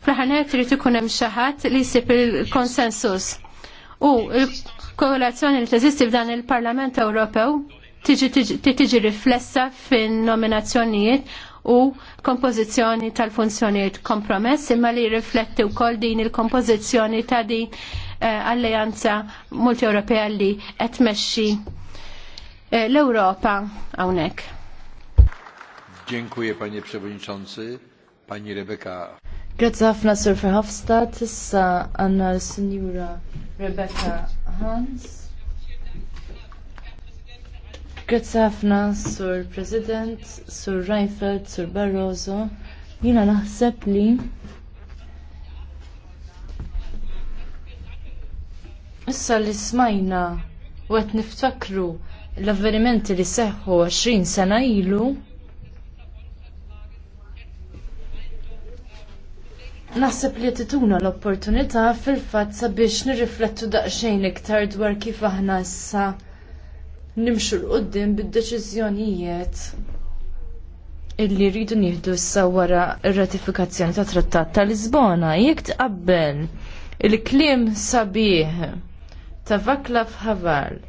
fl-ħanet rrit ikun hemm xi ħadd li jsib il-konsensus. U l-korrelazzjoni li teżisti f'dan il-Parlament Ewropew tiġi riflessa fin-nominazzjonijiet u kompożizzjoni tal-funzjonijiet kompromess imma li rifletti wkoll din il-kompożizzjoni ta' din eh, alleanza multi-Ewropea li qed tmexxi eh, l-Ewropa hawnhekk. Dziękuję panie przewodniczący. Pani Rebeka. Grazie ħafna Sir Verhofstadt, issa għanna l-Sinjura Rebecca Hans. Grazie ħafna Sur President, Sur Reinfeld, Sur Barroso. Jina naħseb li Issa li smajna u għet niftakru l-avvenimenti li seħħu 20 sena ilu Naħseb li tituna l-opportunità fil-fatt sabiex nirriflettu daqsxejn iktar dwar kif aħna issa nimxu l-qoddim bid deċizjonijiet illi rridu nieħdu issa wara r-ratifikazzjoni ta' Trattat ta' Lisbona jekk tqabbel il-kliem sabiħ ta' Vaklav Havel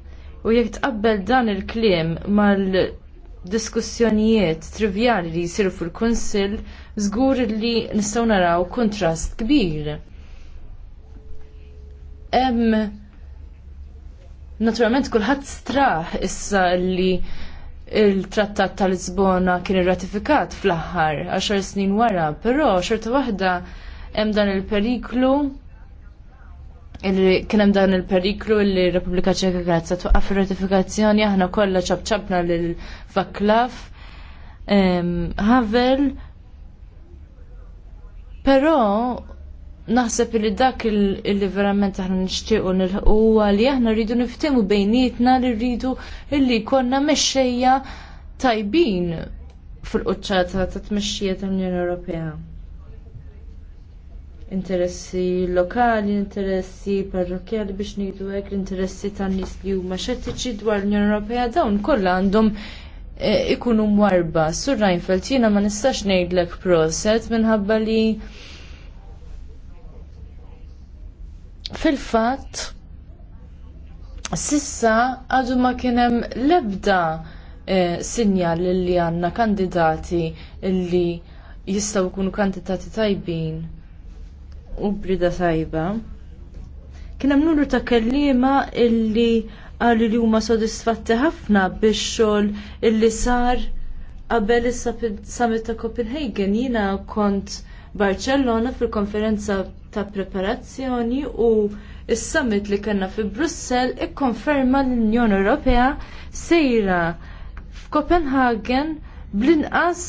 u jekk tqabbel dan il-kliem mal diskussjonijiet trivjali li jisiru fil-Kunsill żgur li nistgħu naraw kontrast kbir. Hemm naturalment kulħadd straħ issa li il-trattat tal-Lisbona kien irratifikat fl-aħħar għaxar snin wara, però xorta waħda hemm dan il-periklu kien hemm dan il-periklu li r-Repubblika Ċeka kienet se twaqqaf ir-ratifikazzjoni aħna kollha ċabċabna lil Vaklav Havel però naħseb li dak li verament aħna nixtiequ huwa li aħna rridu niftehmu bejnietna li rridu illi konna mexxejja tajbin fil-quċċata ta' tmexxija tal-Unjoni Ewropea interessi lokali, interessi parrokjali biex ngħidu hekk, l-interessi tan-nies li huma xettiċi dwar l-Unjoni Ewropea dawn kollha għandhom e, ikunu mwarba. Sur Reinfeldt jiena ma nistax ngħidlek proset minħabba li fil-fatt sissa għadu ma kien hemm l-ebda e, sinjal li għandna kandidati li jistgħu jkunu kandidati tajbin u brida sajba. Kien hemm numru ta' kelliema illi għalli li huma sodisfatti ħafna biex xogħol illi sar qabel is-summit ta' Copenhagen jiena kont Barcellona fil-konferenza ta' preparazzjoni u is-summit li kellna fi Brussell ikkonferma l-Unjoni Ewropea sejra f'Copenhagen bl-inqas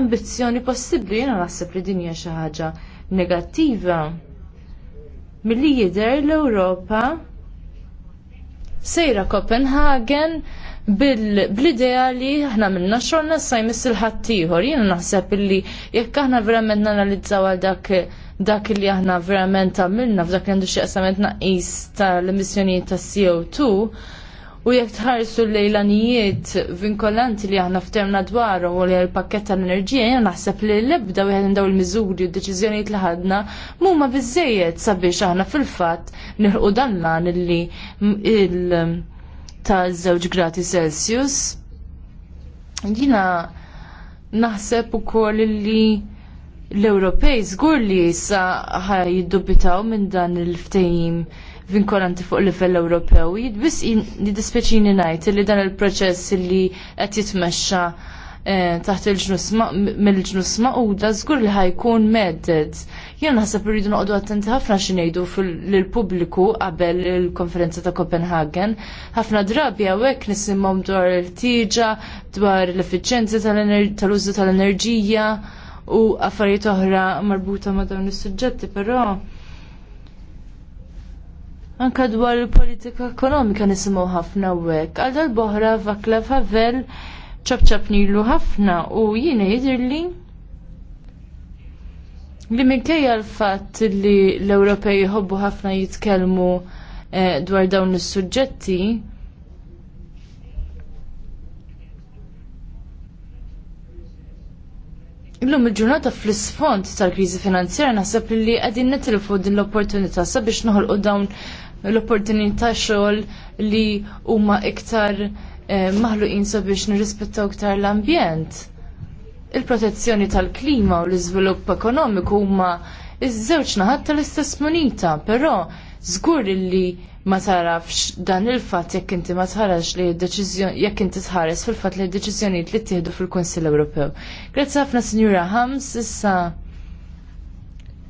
ambizzjoni possibbli jiena naħseb li din hija xi ħaġa negattiva. Milli jidher l-Ewropa sejra Copenhagen bil-idea li ħna minna xorna sa jmiss il-ħattijħor. Jena naħseb li jekk aħna verament nanalizzaw għal dak dak li aħna verament għamilna f'dak li għandu xieqsament naqis tal-emissjonijiet ta' CO2, U jekk tħarsu l-lejlanijiet vinkolanti li aħna ftemna dwaru u li l-pakket tal-enerġija, jena naħseb li l-ebda u jħedin daw il-mizuri u d-deċizjoniet li ħadna, mumma bizzejiet sabiex aħna fil-fat nirqu danna li il- ta' żewġ grati Celsius. Jina naħseb u kol li l-Ewropej zgur li jissa ħajiddubitaw minn dan il-ftejim vinkolanti fuq livell Ewropew. Jidbis jidispeċini ngħid li dan il-proċess li qed jitmexxa eh, taħt il-ġnus mill-ġnus maquda żgur li ħajkun medded. Jien naħseb irridu noqogħdu attenti ħafna xi ngħidu lill-pubbliku qabel il-konferenza ta' Copenhagen. Ħafna drabi hawnhekk nisimhom dwar il-tiġa, dwar l-effiċjenza tal-użu tal-enerġija u affarijiet oħra marbuta ma' dawn is-suġġetti, però Anka dwar il-politika ekonomika nisimgħu ħafna hekk. Għal dal-boħra Vakla Favel ċabċab nilu ħafna u jiena jidhirli li minkejja l-fatt li l-Ewropej jħobbu ħafna jitkellmu eh, dwar dawn is-suġġetti, Illum il-ġurnata fl isfond tal-kriżi finanzjera naħseb li qegħdin nitilfu din l-opportunità sabiex noħolqu dawn l-opportunità xogħol li huma iktar eh, maħluqin sabiex nirrispettaw iktar l-ambjent. Il-protezzjoni tal-klima u l-iżvilupp ekonomiku huma iż-żewġ naħat tal-istess munita, però żgur li ma tarafx dan il-fatt jekk inti ma tħarax li d-deċiżjoni jekk inti tħares fil-fatt li d-deċiżjonijiet li ttieħdu fil-Kunsill Ewropew. Grazzi ħafna Sinjura Hams issa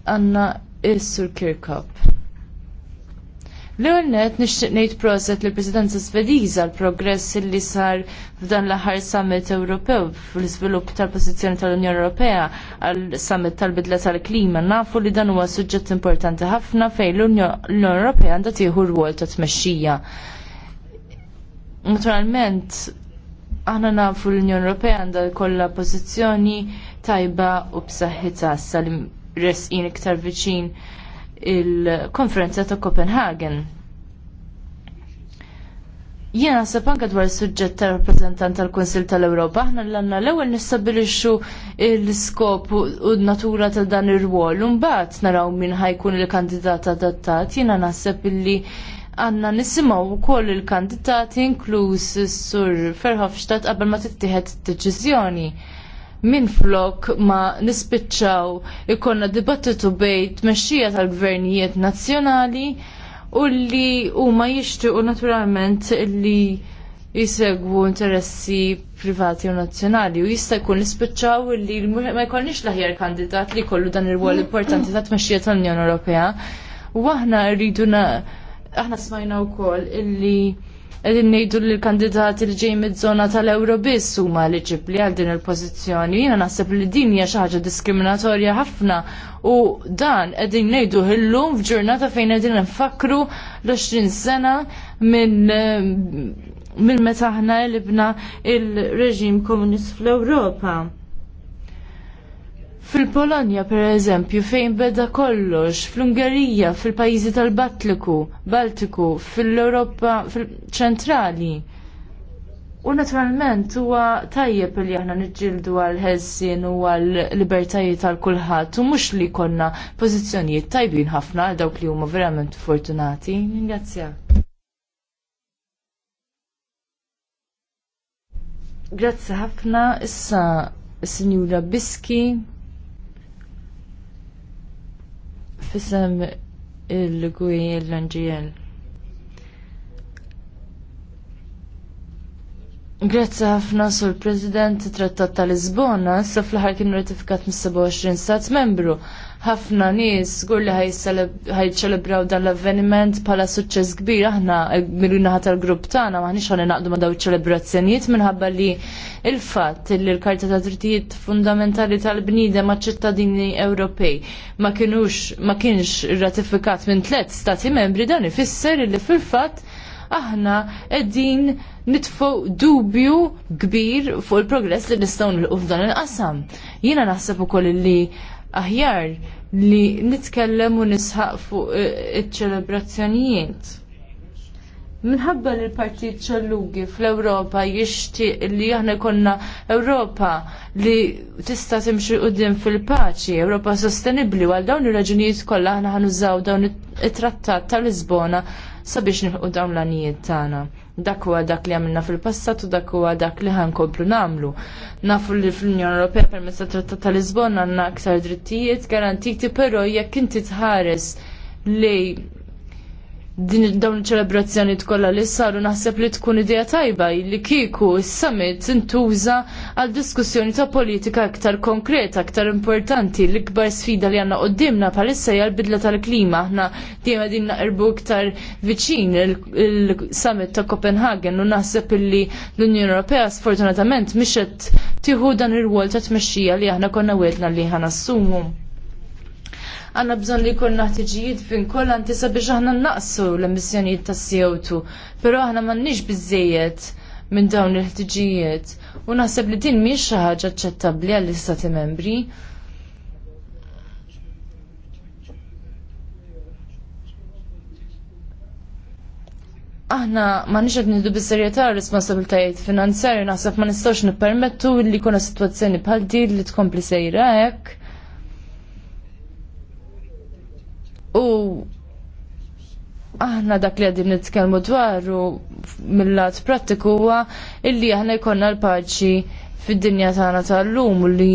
għandna is-Sur Kirkop l għunnet nixtieq ngħid proset li presidenza Svediża l-progress li sar f'dan l-aħħar summit Ewropew fl-iżvilupp tal-pożizzjoni tal-Unjoni Ewropea għal summit tal-bidla tal-klima nafu li dan huwa suġġett importanti ħafna fejn l-Unjoni Ewropea għandha tieħu r-wol ta' tmexxija. Naturalment, aħna nafu l-Unjoni Ewropea għandha kollha pożizzjoni tajba u b'saħħitha sa li resqin iktar viċin il-konferenza ta' Copenhagen. Jiena naħseb anke dwar is-suġġett ta' rappreżentant tal-Kunsill tal-Ewropa, aħna l għanna l-ewwel nistabilixxu l-iskop u n-natura ta' dan ir-rwol, u mbagħad naraw min ħajkun il-kandidat adattat. Jiena naħseb illi għanna nisimaw wkoll il-kandidati inkluż is-sur Verhofstadt qabel ma tittieħed id-deċiżjoni minn flok ma nispiċċaw ikonna dibattitu bejt tmexxija tal-gvernijiet nazzjonali u li huma jixtiequ naturalment li jisegwu interessi privati u nazzjonali u jista' jkun nispiċċaw li ma jkollniex l-aħjar kandidat li jkollu dan ir-rwol importanti ta' tmexxija tal-Unjoni Ewropea. U aħna rridu aħna smajna wkoll illi qegħdin ngħidu li l-kandidati li ġej mid-żona tal-Ewro biss huma eliġibbli għal din il-pożizzjoni. Jiena naħseb li din hija xi ħaġa diskriminatorja ħafna u dan qegħdin ngħidu ħillum f'ġurnata fejn qegħdin nfakru l-20 sena minn minn meta aħna libna il-reġim komunist fl-Ewropa. Fil-Polonja, per eżempju, fejn beda kollox, fl-Ungerija, fil-pajizi tal-Baltiku, Baltiku, fil-Europa ċentrali. U naturalment huwa tajjeb li aħna niġġieldu għal ħelsien u għal libertajiet għal kulħadd u mhux li konna pożizzjonijiet tajbin ħafna għal dawk li huma verament fortunati. Ningrazzjak. Grazzi ħafna issa Signora Biski. Fisem il-gwi l-NGL. Grazzi ħafna sur President Trattat tal-Lisbona, sa fl-ħar kien ratifikat mis-27 stat membru ħafna nies żgur li ħajċelebraw dan l-avveniment bħala suċċess kbir aħna mill-naħa tal-grupp tagħna maħniex ħana naqdu ma' daw iċ-ċelebrazzjonijiet minħabba li il-fatt li l-Karta ta' Drittijiet Fundamentali tal-Bniedem ma' ċittadini Ewropej ma kinux ma kienx ratifikat minn tliet stati membri dan ifisser li fil-fatt aħna qegħdin nitfu dubju kbir fuq il-progress li nistgħu nilqu f'dan il-qasam. Jiena naħseb ukoll li aħjar li nitkellem u nisħaq fuq eh, iċ-ċelebrazzjonijiet. Minħabba li l-Partit ċallugi fl-Ewropa jixtieq li aħna konna Ewropa li tista' timxi qudiem fil-paċi, Ewropa sostenibbli għal dawn ir-raġunijiet kollha aħna ħanużaw dawn it-Trattat ta' Lisbona sabiex nilħu dawn l-anijiet tagħna. Dak huwa dak li għamilna fil-passat u dak huwa dak li ħankomplu nagħmlu. Nafu li fl-Unjoni Ewropea permezz tat-Trattat ta' Lisbona għandna aktar drittijiet garantiti, però jekk inti tħares li din dawn iċ-ċelebrazzjoni tkollha li saru naħseb li tkun idea tajba li kieku is-summit intuża għal diskussjoni ta' politika aktar konkreta, aktar importanti. L-ikbar sfida li għandna qoddimna palissa hija l-bidla tal-klima. Aħna dejjem qegħdin naqrbu iktar viċin il-summit ta' Copenhagen u naħseb li l-Unjoni Ewropea sfortunatament mhix qed tieħu dan ir-rwol ta' tmexxija li aħna konna wedna li ħanassumu għanna bżon li jkollna ħtiġijiet fin kollanti sabiex aħna naqsu l-emissjonijiet ta' CO2, pero aħna m'għandniex biżejjed minn dawn il-ħtiġijiet. U naħseb li din miex xi ħaġa aċċettabbli għall-istati membri. aħna ma nix qed nidu bis-serjetà responsabiltajiet finanzjarji naħseb ma nistgħux nippermettu li kuna situazzjoni bħal din li tkompli sejra hekk. U aħna dak li għadin nitkellmu dwaru mill-lat prattiku huwa illi aħna jkollna l-paċi fid-dinja tagħna tal-lum li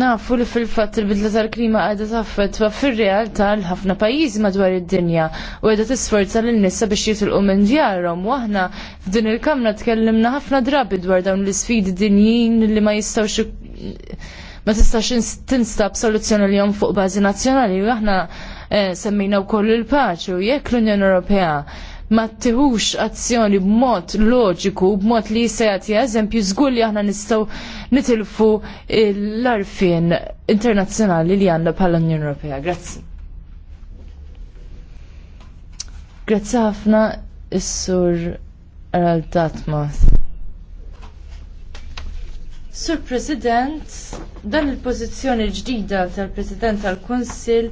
nafu li fil-fatt il-bidla tal-klima għadha taffetwa fir-realtà l-ħafna pajjiżi madwar id-dinja u għadha tisforza lin nissa biex jitilqu minn djarhom u aħna f'din il-kamra tkellimna ħafna drabi dwar dawn l-isfidi dinjin li ma jistgħux ma tistax tinstab soluzzjoni li jom fuq bażi nazzjonali u aħna eh, semmejna wkoll il paċ u jekk l-Unjoni Ewropea ma tiħux azzjoni b'mod loġiku, b'mod li jisajat eżempju, żgur li aħna nistgħu nitilfu l-arfien internazzjonali li għandna bħala Unjoni Ewropea. Grazzi. Grazzi ħafna is-sur Ratmatmas. Sur President, dan il-pożizzjoni ġdida tal-President tal-Kunsill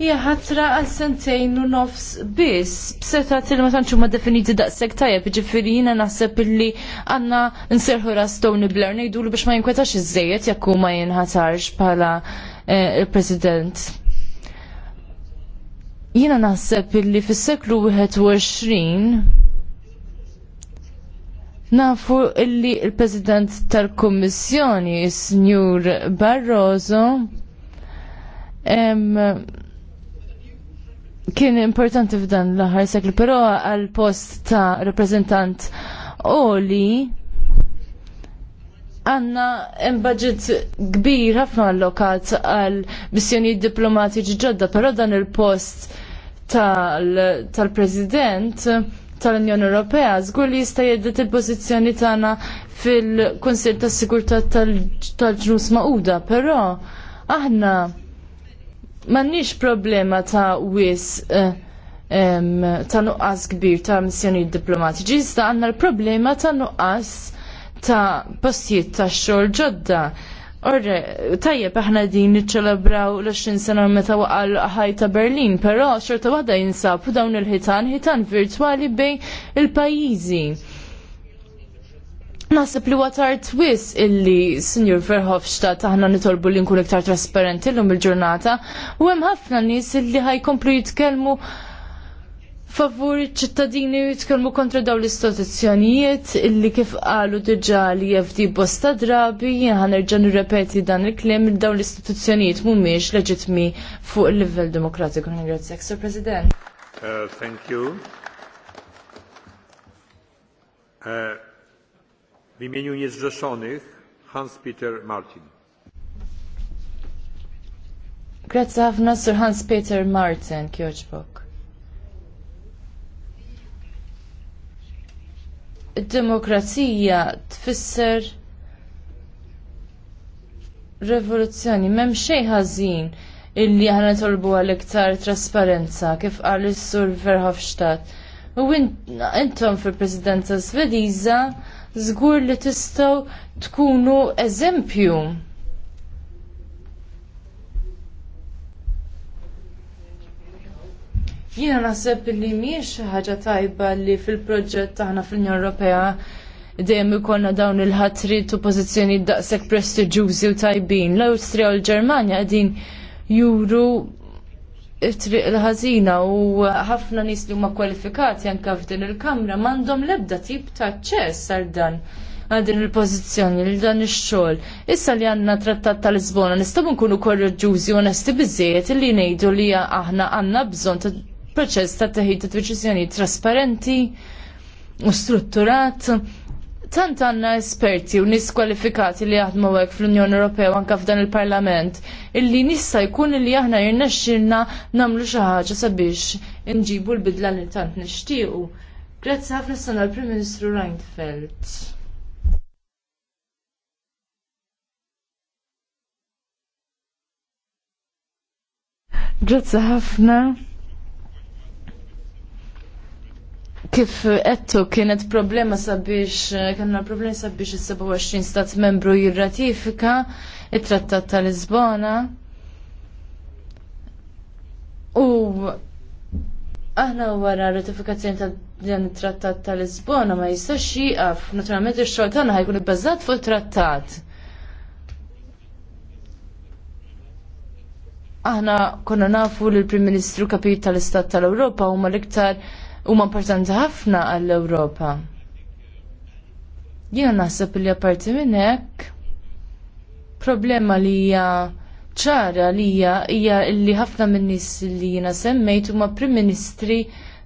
hija ħatra għal sentejn u nofs biss. B'seta til ma tantx ma definiti daqshekk tajjeb, jiġifieri jiena naħseb illi għandna nserħu ras Tony Blair ngħidulu biex ma jinkwetax iż iż-żejet jekk huma jinħatarx bħala eh, il-President. Jiena naħseb illi fis-seklu 21 Nafu illi il-President tal-Kommissjoni, Signor Barroso, em, kien importanti f'dan l-aħħar seklu, però għal post ta' rappresentant Oli għanna budget kbir ħafna allokat għal missjoni diplomatiċi ġodda, però dan il-post tal-president tal president tal-Unjoni Ewropea, żgur li jista' jeddet il-pożizzjoni tagħna fil-Kunsill tas-Sigurtà tal-Ġnus Maquda, però aħna m'għandniex problema ta' wis eh, ta' nuqqas kbir ta' missjonijiet diplomatiċi, jista' għandna l-problema ta' nuqqas ta' postijiet ta' xogħol ġodda. Orre, tajjeb aħna din niċċelebraw l-20 sena meta waqal ħaj ta' Berlin, però xorta waħda jinsab dawn il-ħitan, ħitan virtwali bejn il-pajjiżi. Nasib li watar twis illi Sinjur Verhofstadt aħna nitolbu li nkun iktar trasparenti l-lum il-ġurnata u hemm ħafna nies illi ħajkomplu jitkellmu favur ċittadini jitkellmu kontra dawn l-istituzzjonijiet illi kif qalu diġà li jefdi bosta drabi jiena nerġa' nirrepeti dan il-kliem li dawn l-istituzzjonijiet mhumiex leġitmi fuq il-livell demokratiku. Ringrazzjak, Sir President. Uh, thank you. Uh, w imieniu niezrzeszonych Hans-Peter Martin. Grazie ħafna Sir Hans-Peter Martin, Kjoċbok. id-demokrazija tfisser rivoluzzjoni m'hemm xejn ħażin illi aħna tolbu għal iktar trasparenza kif qal is-sur Verhofstadt. U intom fil-Presidenza Svediża żgur li tistgħu tkunu eżempju Jiena naħseb li mhijiex xi ħaġa tajba li fil-proġett aħna fl-Unjoni Ewropea dejjem ikollna dawn il-ħatrit u pożizzjoni daqshekk prestiġjużi u tajbin. L-Awstrija u l-Ġermanja qegħdin juru it-triq l ħażina u ħafna nies li huma kwalifikati anke f'din il-kamra m'għandhom l-ebda tip ta' ċess għal dan għal din il-pożizzjoni li dan ix-xogħol. Issa li għandna trattat tal-Lisbona nistgħu nkunu korreġġużi onesti biżejjed li ngħidu li aħna għandna bżonn proċess ta' teħid ta' deċiżjoni trasparenti u strutturat. Tant għanna esperti u nis kwalifikati li jaħdmu għek fl-Unjoni Ewropea anka f'dan il-Parlament illi nista' jkun li aħna xirna namlu xi ħaġa sabiex inġibu l-bidla li tant nixtiequ. Grazzi ħafna sana l-Prim Ministru Reinfeldt. Grazzi ħafna. Kif għettu kienet problema sabiex, kena problema sabiex il-27 stat membru jirratifika il-trattat ta' Lisbona. U aħna wara ratifikazzjoni ta' din it-trattat ta' Lisbona ma jistax jieqaf. Naturalment ix-xogħol tagħna ħajkun ibbażat fuq it-trattat. Aħna konna nafu li l-Prim Ministru Kapit tal-Istat tal-Ewropa huma l-iktar huma importanti ħafna għall-Ewropa. Jiena naħseb li apparti minn hekk problema li hija ċara li hija hija li ħafna min-nies li jiena semmejt huma Prim Ministri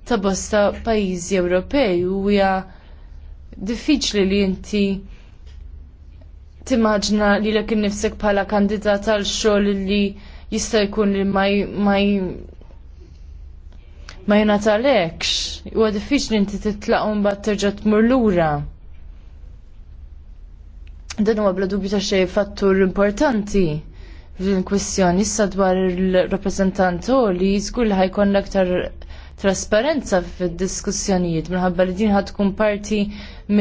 ta' bosta pajjiżi Ewropej u hija diffiċli li inti timmaġna li l nifsek bħala kandidat għal xogħol li jista' jkun li ma ma ma jingħatalekx huwa diffiċli inti titlaq mbagħad terġa' tmur lura. Dan huwa bla dubju ta' fattur importanti f'din kwestjoni issa dwar il-rappreżentant li żgur li ħajkun aktar trasparenza fid-diskussjonijiet minħabba li din ħad tkun parti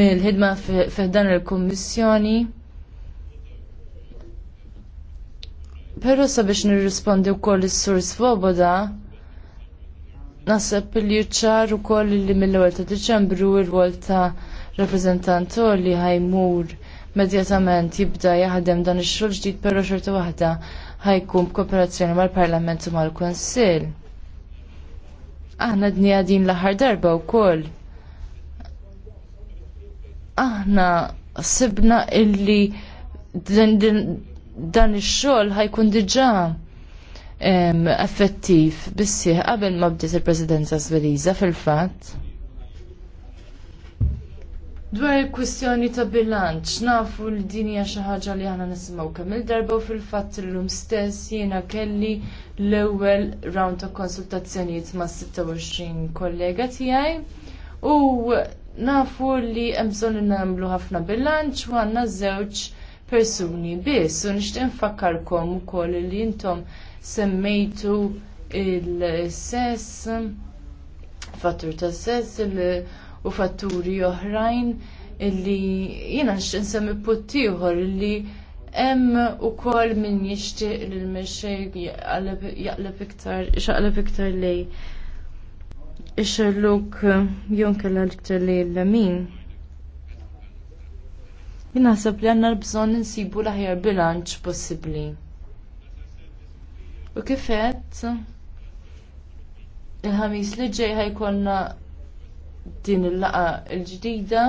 mill-ħidma f'dan il-Kummissjoni. Però sabiex nirrispondi wkoll is-sur Svoboda, Nasab li ċar u koll li mill-ewel ta' Deċembru il-wol ta' rappresentant li ħajmur medjatament jibda jaħdem dan ix-xogħol ġdid però xorta waħda ħajkun b'kooperazzjoni mal-Parlament u mal-Kunsill. Aħna dni għadin l-aħħar darba wkoll. Aħna sibna illi dan ix-xogħol ħajkun diġà effettiv bissieħ qabel ma bdiet il-Presidenza Svediża fil-fatt. Dwar il-kwistjoni ta' bilanċ, nafu li din hija xi ħaġa li aħna nisimgħu kemm il-darba u fil-fatt illum stess jiena kelli l-ewwel round ta' konsultazzjonijiet ma' 26 kollega tiegħi u nafu li hemm bżonn nagħmlu ħafna bilanċ u għandna żewġ persuni biss u nixtieq nfakkarkom ukoll li intom semmejtu il-sess, fattur ta' sess u fatturi oħrajn illi jina nsemmi semmi puttiħor illi hemm ukoll min jixtieq lil mexxej jaqlep iktar xaqlep iktar lej ix-xerluk jonkella iktar lej l-lamin. sab li għanna bżon nsibu l-aħjar bilanċ possibli. U kifet il-ħamis li ġej ħajkonna din il laqgħa l-ġdida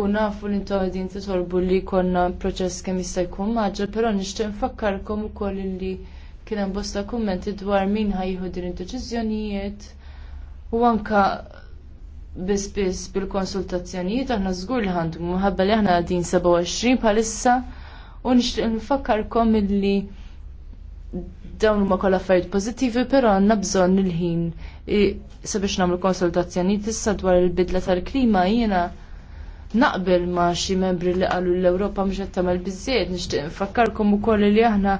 u nafu li intom għedin titolbu li jkollna proċess kemm jista' jkun pero però nfakkarkom nfakkarkom ukoll li kien hemm bosta kummenti dwar min ħajħu din id-deċiżjonijiet u anke biss biss bil-konsultazzjonijiet aħna żgur li ħandu muħabba li aħna qegħdin 27 bħalissa u nixtieq nfakkarkom li dawn huma kollha affarijiet pożittivi, però għandna bżonn il-ħin sabiex nagħmlu konsultazzjoni issa dwar il-bidla tal-klima jiena naqbel ma xi membri li qalu l-Ewropa mhux qed tagħmel biżżejjed nixtieq infakkarkom ukoll li aħna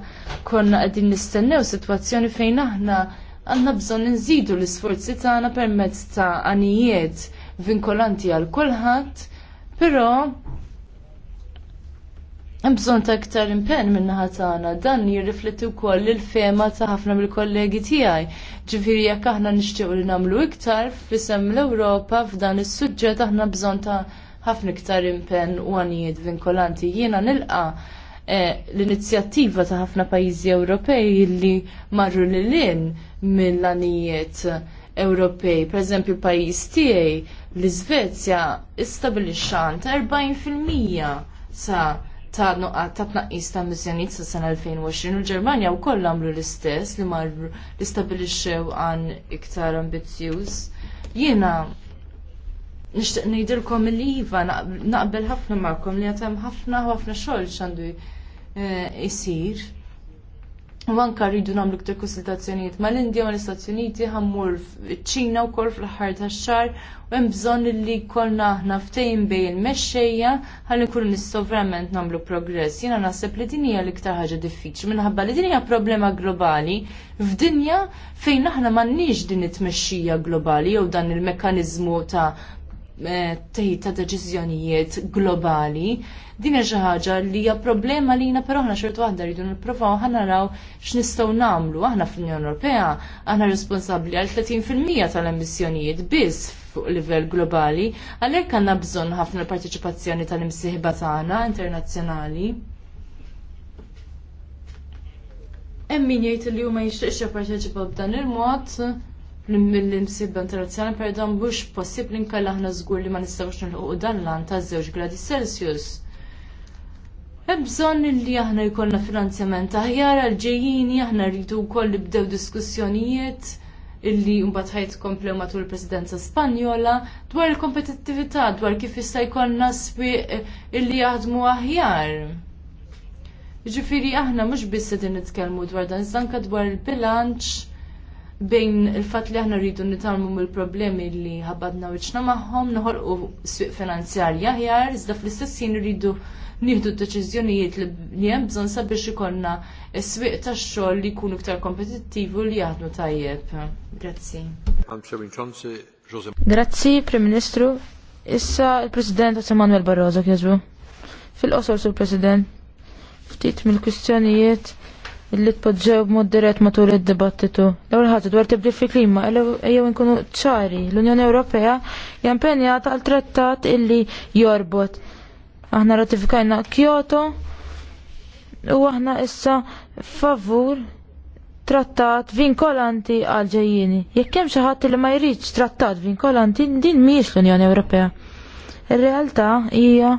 konna qegħdin nistennew sitwazzjoni fejn aħna għandna bżonn inżidu l-isforzi tagħna permezz ta' għanijiet vinkolanti għal kulħadd, però Hemm bżonn ta' iktar impenn min-naħa tagħna, dan jirrifletti wkoll il-fema ta' ħafna mill-kollegi tiegħi. Ġifieri jekk aħna nixtiequ li nagħmlu iktar f'isem l-Ewropa f'dan is-suġġett aħna bżonn ta' ħafna iktar impenn u għanijiet vinkolanti. Jiena nilqa' eh, l-inizjattiva ta' ħafna pajjiżi Ewropej li marru lil lin mill-għanijiet Ewropej. Per eżempju, pajjiż tiegħi l-Iżvezja istabilixxan ta' 40% sa' ta' nuqqat ta' tnaqqis ta' missjonijiet sa' sena 2020 u l-Ġermanja wkoll għamlu l-istess li marru li stabilixxew għan iktar ambizzjuż. Jiena nixtieq ngħidilkom li iva naqbel ħafna magħkom li għatem ħafna ħafna xogħol x'għandu jsir. Eh, U anka rridu nagħmlu ktar l mal-Indja mal istati Uniti ħammur ċina wkoll fl-aħħar tax-xahar u hemm bżonn li jkollna aħna ftejn bejn il-mexxejja ħalli nkunu nistgħu verament nagħmlu progress. Jiena naħseb li din hija l-iktar ħaġa diffiċli minħabba li din hija problema globali f'dinja fejn aħna m'għandniex din it-tmexxija globali jew dan il-mekkaniżmu ta' Eh, teħid ta' deċiżjonijiet globali. Din hija xi ħaġa li hija problema li jina però aħna xorta waħda rridu nippruvaw ħa naraw x'nistgħu nagħmlu aħna fl-Unjoni Ewropea aħna responsabbli għal 30% tal-emissjonijiet biss fuq livell globali, għalhekk għandna bżonn ħafna l-parteċipazzjoni tal-imsieħba tagħna internazzjonali. Hemm min jgħid li huma jixtieqx jipparteċipaw b'dan il-mod, mill-imsibba internazzjonali per dan mhux possibbli nkella aħna żgur li ma nistgħux nilħuq dan lan ta' żewġ gradi Celsius. Hemm bżonn li aħna jkollna finanzjament aħjar għal-ġejjini aħna rridu wkoll nibdew diskussjonijiet illi mbagħad ħajt komplew matul il-Presidenza Spanjola dwar il-kompetittività, dwar kif jista' jkollna swieq illi jaħdmu aħjar. Ġifiri aħna mhux biss qegħdin nitkellmu dwar dan iżda anke dwar il-bilanċ bejn il-fat li aħna rridu nitalmu mill-problemi li ħabadna wiċċna magħhom noħolqu swieq finanzjarja ħjar iżda fl-istess jien rridu nieħdu d-deċiżjonijiet li hemm bżonn sabiex ikollna s-swieq tax-xogħol li jkunu iktar kompetittivu li jaħdmu tajjeb. Grazzi. Grazzi, Prim Ministru. Issa il-President José Manuel Barroso kieżbu. Fil-qosor sul President. Ftit mill-kwistjonijiet illi tpoġġew b'mod dirett matul id-dibattitu. L-ewwel ħaġa dwar tibdil fil-klima, ejjew inkunu ċari, l-Unjoni Ewropea hija impenjata għal trattat illi jorbot. Aħna ratifikajna Kyoto u aħna issa favur trattat vinkolanti għal ġejjini. Jekk hemm xi ħadd li ma jridx trattat vinkolanti, din mhijiex l-Unjoni Ewropea. Ir-realtà hija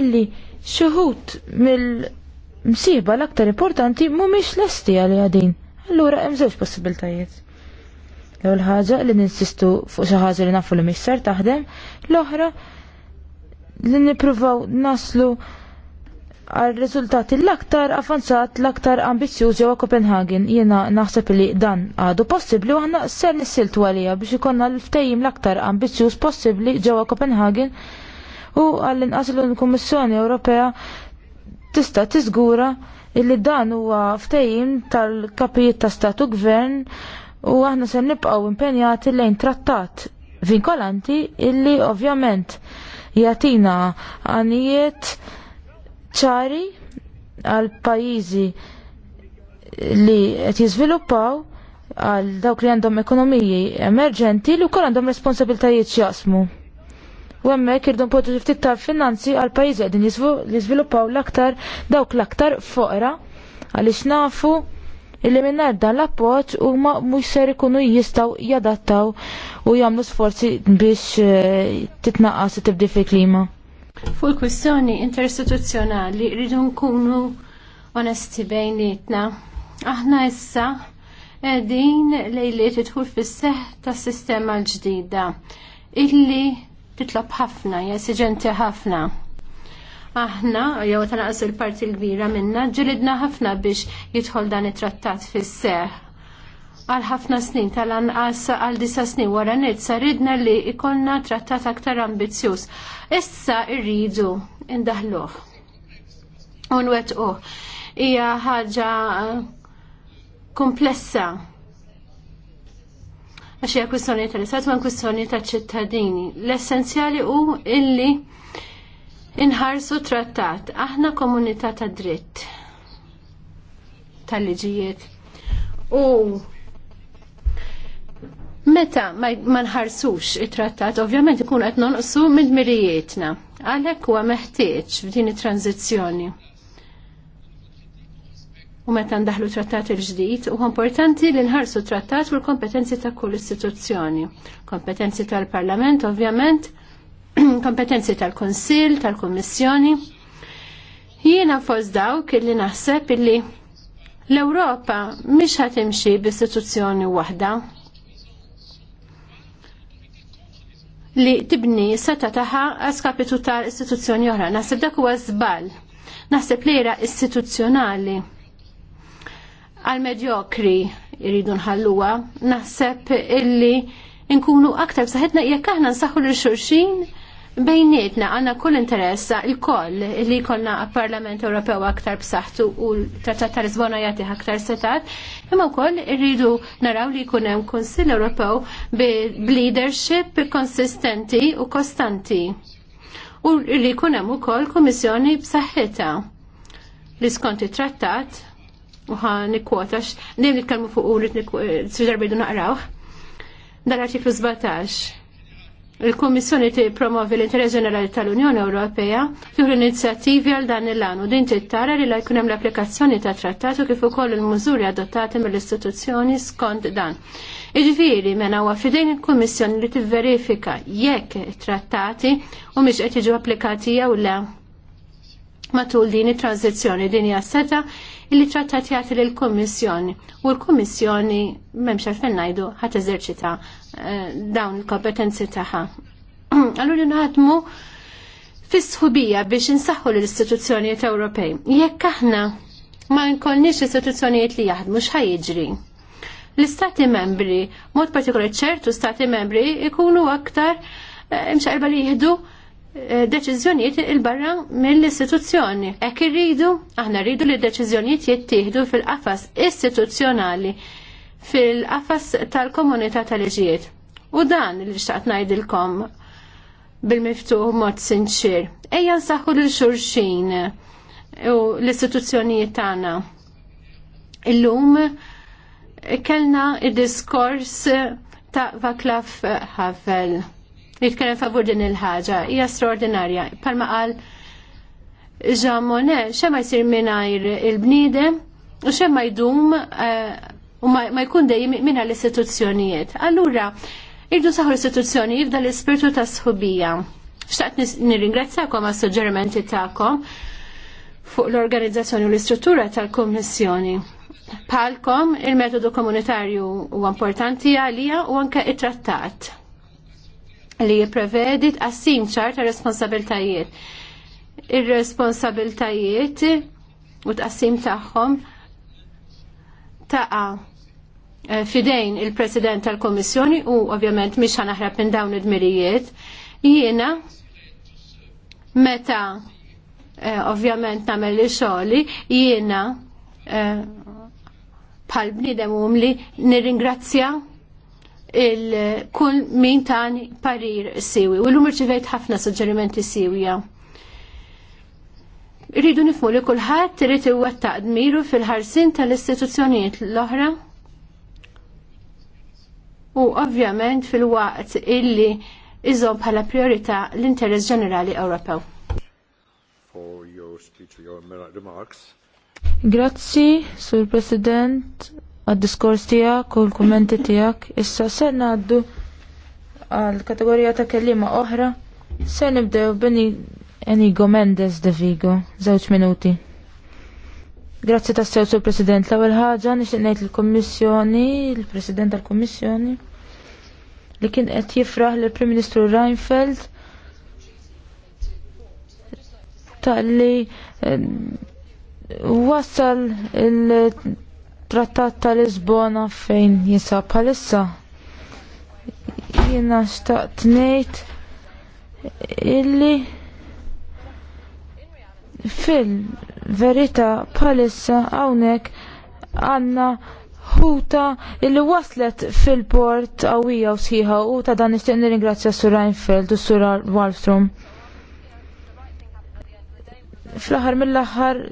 illi xi mill msiba l-aktar importanti mhumiex esti għalli għadin. Allura hemm żewġ possibiltajiet. L-ewwel ħaġa li ninsistu fuq xi ħaġa li nafu li missar ser taħdem, l-oħra li nippruvaw naslu għal riżultati l-aktar avanzat, l-aktar ambizjuż ġewwa Copenhagen. Jiena naħseb li dan għadu possibbli u aħna ser nissiltu għalija biex ikonna l-ftejjim l-aktar ambizjuż possibbli ġewwa Copenhagen u għall-inqas l-Kummissjoni Ewropea tista' tiżgura illi dan huwa ftehim tal-kapijiet ta' statu gvern u aħna se nibqgħu impenjati lejn trattat vinkolanti illi ovvjament jagħtina għanijiet ċari għal pajjiżi li qed jiżviluppaw għal dawk li għandhom ekonomiji emerġenti li wkoll għandhom responsabiltajiet x'jaqsmu. U hemmhekk irdu npoġġu ġifti ta' finanzi għal pajjiżi qegħdin jiżviluppaw l-aktar dawk l-aktar foqra għaliex nafu illi minnar dan l u huma mhux ser ikunu jistgħu jadattaw u jagħmlu sforzi biex eh, titnaqqas tibdi fil-klima. Fuq kwistjoni interistituzzjonali rridu nkunu onesti bejnietna. Aħna issa qegħdin lejliet tidħul fis-seħħ tas-sistema l-ġdida illi titlob ħafna, jesiġenti ħafna. Aħna, jew tanaqas il-parti l-kbira minna, ġilidna ħafna biex jidħol dan it-trattat fis-seħ. Għal ħafna snin tal-anqas għal disa snin wara nizza ridna li ikonna trattat aktar ambizzjuż. Issa rridu indaħluh. Unwet uħ. Hija ħaġa eh, komplessa għax hija kwistjoni tal-istat ma' kwistjoni ta' ċittadini L-essenzjali hu illi inħarsu trattat. Aħna komunità ta' dritt tal-liġijiet. U meta ma nħarsux it-trattat, ovvjament ikun qed nonqsu mid-mirijietna. Għalhekk huwa meħtieġ f'din it-tranzizzjoni u meta ndaħlu trattat il-ġdid u importanti li nħarsu trattat u l-kompetenzi ta' kull istituzzjoni. Kompetenzi tal-Parlament, ovvjament, (clears throat) kompetenzi tal-Konsil, tal-Kommissjoni. Jiena fost dawk li naħseb illi l-Ewropa mhix ħatimxi b'istituzzjoni waħda li tibni seta taħa għaskapitu tal-istituzzjoni oħra. Naħseb dak huwa żball. Naħseb li istituzzjonali. istituzzjonali għal-medjokri jridu nħalluha, naħseb illi nkunu aktar saħetna jekk aħna nsaħħu lil xulxin bejnietna għandna kull interess il-koll li jkollna Parlament Ewropew aktar b'saħħtu u l-Trattat ta' Lisbona jagħti aktar setat, imma wkoll irridu naraw li jkun hemm Kunsill Ewropew b'leadership konsistenti u kostanti. U li jkun hemm ukoll Kummissjoni b'saħħitha li skont it-trattat uħa ħan nikwotax, li tkalmu fuq u rrid eh, bidu naqrawh. Dan artiklu 17. Il-Kummissjoni tippromovi l-interess ġenerali tal-Unjoni Ewropea fih l-inizjattivi għal dan il-lanu din tittara li la jkun hemm l-applikazzjoni ta' trattatu kif ukoll il-mużuri adottati mill-istituzzjoni skont dan. Iġviri, mena huwa fidejn il-Kummissjoni li tivverifika jekk trattati u miex qed jiġu applikati jew le matul din it-tranzizzjoni din hija seta illi trattat jagħti lill kummissjoni u l-Kummissjoni m'hemmx għalfejn ngħidu ħadd eżerċita eh, dawn il-kompetenzi tagħha. (clears throat) Allura naħdmu fis-sħubija biex insaħħu l-istituzzjonijiet Ewropej. Jekk aħna ma nkollniex istituzzjonijiet li jaħdmu jiġri. L-istati membri, mod partikolari ċertu stati membri, ikunu aktar imxarba eh, li jihdu Eh, deċiżjonijiet il-barra mill-istituzzjoni. Ek irridu, aħna rridu li deċiżjonijiet jittieħdu fil-qafas istituzzjonali fil-qafas tal-komunità tal-liġijiet. U dan li xtaqt ngħidilkom bil-miftuħ mod sinċir. Ejja nsaħħu lil xurxin u l-istituzzjonijiet tagħna. Illum kellna id-diskors ta' Vaklav Havel li tkellem favur din il-ħaġa hija straordinarja. Palma qal Jean Monnet xemma jsir mingħajr il-bniedem u xemma jdum eh, u ma jkun dejjem minn l-istituzzjonijiet. Allura, irdu saħu l-istituzzjoni jibda l-ispirtu ta' sħubija. Xtaqt nirringrazzakom għas suġġerimenti tagħkom fuq l-organizzazzjoni u l-istruttura tal-Kommissjoni. Palkom, il-metodu komunitarju u importanti għalija u anke it-trattat li jipprevedi tqassim ċar ta' responsabiltajiet. Ir-responsabiltajiet u tqassim tagħhom taqa' eh, fidejn il-President tal-Komissjoni u ovvjament mhix ħanaħrab minn dawn id-mirijiet. Jiena meta eh, ovvjament nagħmel li xogħli jiena eh, bħal bniedem li nirringrazzja il-kull min tani parir siwi u l-lum irċivejt ħafna suġġerimenti siwija. Rridu nifmu li kullħat trid iwettaq dmiru fil-ħarsin tal-istituzzjonijiet l-oħra u ovvjament fil-waqt illi iżom bħala priorità l-interess ġenerali Ewropew. Grazzi, Sur President għad-diskors tijak u l-kommenti tijak. Issa se naddu għal-kategorija ta' kellima oħra. se nibdew bini Enigo Mendes de Vigo, zewċ minuti. Grazzi ta' sew sur President l-ewwel ħaġa nixtieq ngħid il-Kummissjoni, il-President tal-Kummissjoni li kien qed jifraħ lill prim Ministru Reinfeld tal-li eh, wassal il- trattat ta' Lisbona fejn jinsab bħalissa. Jina xtaqt nejt illi fil-verità bħalissa hawnhekk għandna ħuta illi waslet fil-port għawija u sħiħa u ta' dan nixtieq nirringrazzja Sur Reinfeld u Sur Wallstrom. Fl-aħħar mill-aħħar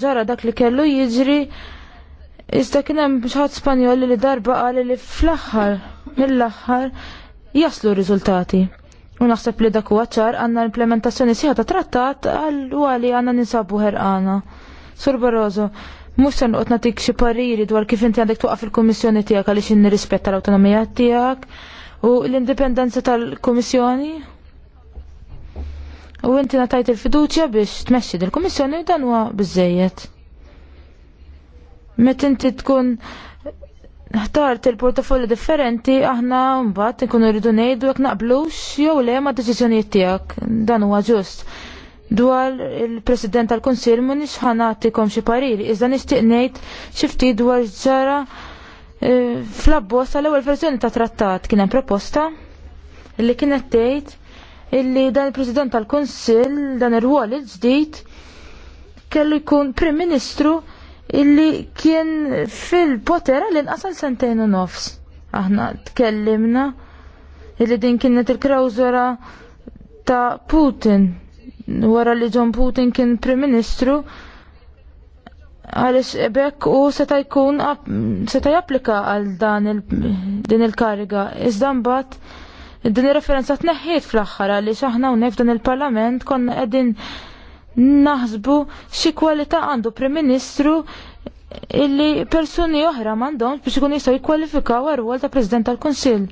ġara dak li kellu jiġri iżda kien hemm xaħat Spanjoli li darba qal li fl-aħħar mill-aħħar jaslu riżultati. U naħseb li dak huwa ċar għandna implementazzjoni sieħa ta' trattat għal u għali għandna ninsabu ħerqana. Sur Barroso, mhux se noqgħod nagħtik xi pariri dwar kif inti għandek tuqaf il-kummissjoni tiegħek għaliex nirrispetta l-awtonomija tiegħek u l-indipendenza tal-kummissjoni U inti natajt il-fiduċja biex tmexxi dil-Kummissjoni dan huwa biżejjed. Met inti tkun ħtart il-portafolli differenti, aħna mbagħad nkunu rridu ngħidu jekk naqblux jew le ma' deċiżjonijiet tiegħek. Dan huwa ġust. Dwar il-President tal-Kunsill m'iniex ħanatikom xi pariri, iżda nixtieq ngħid xi ftit dwar ġara eh, fl-abbozz tal-ewwel verżjoni ta' trattat kien hemm proposta li kienet tgħid illi dan il-President tal-Konsil, dan ir-ruol il-ġdid, kellu jkun Prim Ministru illi kien fil-potera l-inqasal sentejn u nofs. Aħna tkellimna illi din kienet il-krawżora ta' Putin. Wara li John Putin kien Prim Ministru, għalix ebek u seta jkun seta japplika għal dan il, din il-kariga. Iżda mbagħad Din ir-referenza tneħħiet fl-aħħar għaliex aħna hawnhekk f'dan il-Parlament konna qegħdin naħsbu xi kwalità għandu Prim Ministru illi persuni oħra m'għandhomx biex ikun jistgħu jikkwalifikaw għar ta' President tal-Kunsill.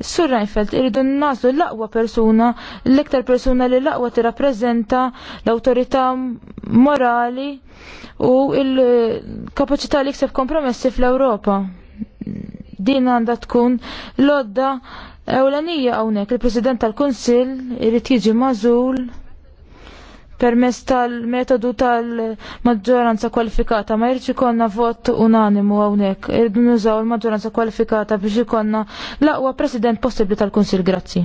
Sur Reinfeldt irridu naslu l-aqwa persuna, l-iktar persuna li l-aqwa tirrappreżenta l autorita morali u l-kapaċità li kseb kompromessi fl-Ewropa. Din għandha tkun lodda ewlenija hawnhekk il-President tal-Kunsill irid jiġi mażul permess tal-metodu tal-maġġoranza kwalifikata ma jirċi konna vot unanimu għonek irridu nużaw il-maġġoranza kwalifikata biex ikonna laqwa president possibli tal konsil Grazzi.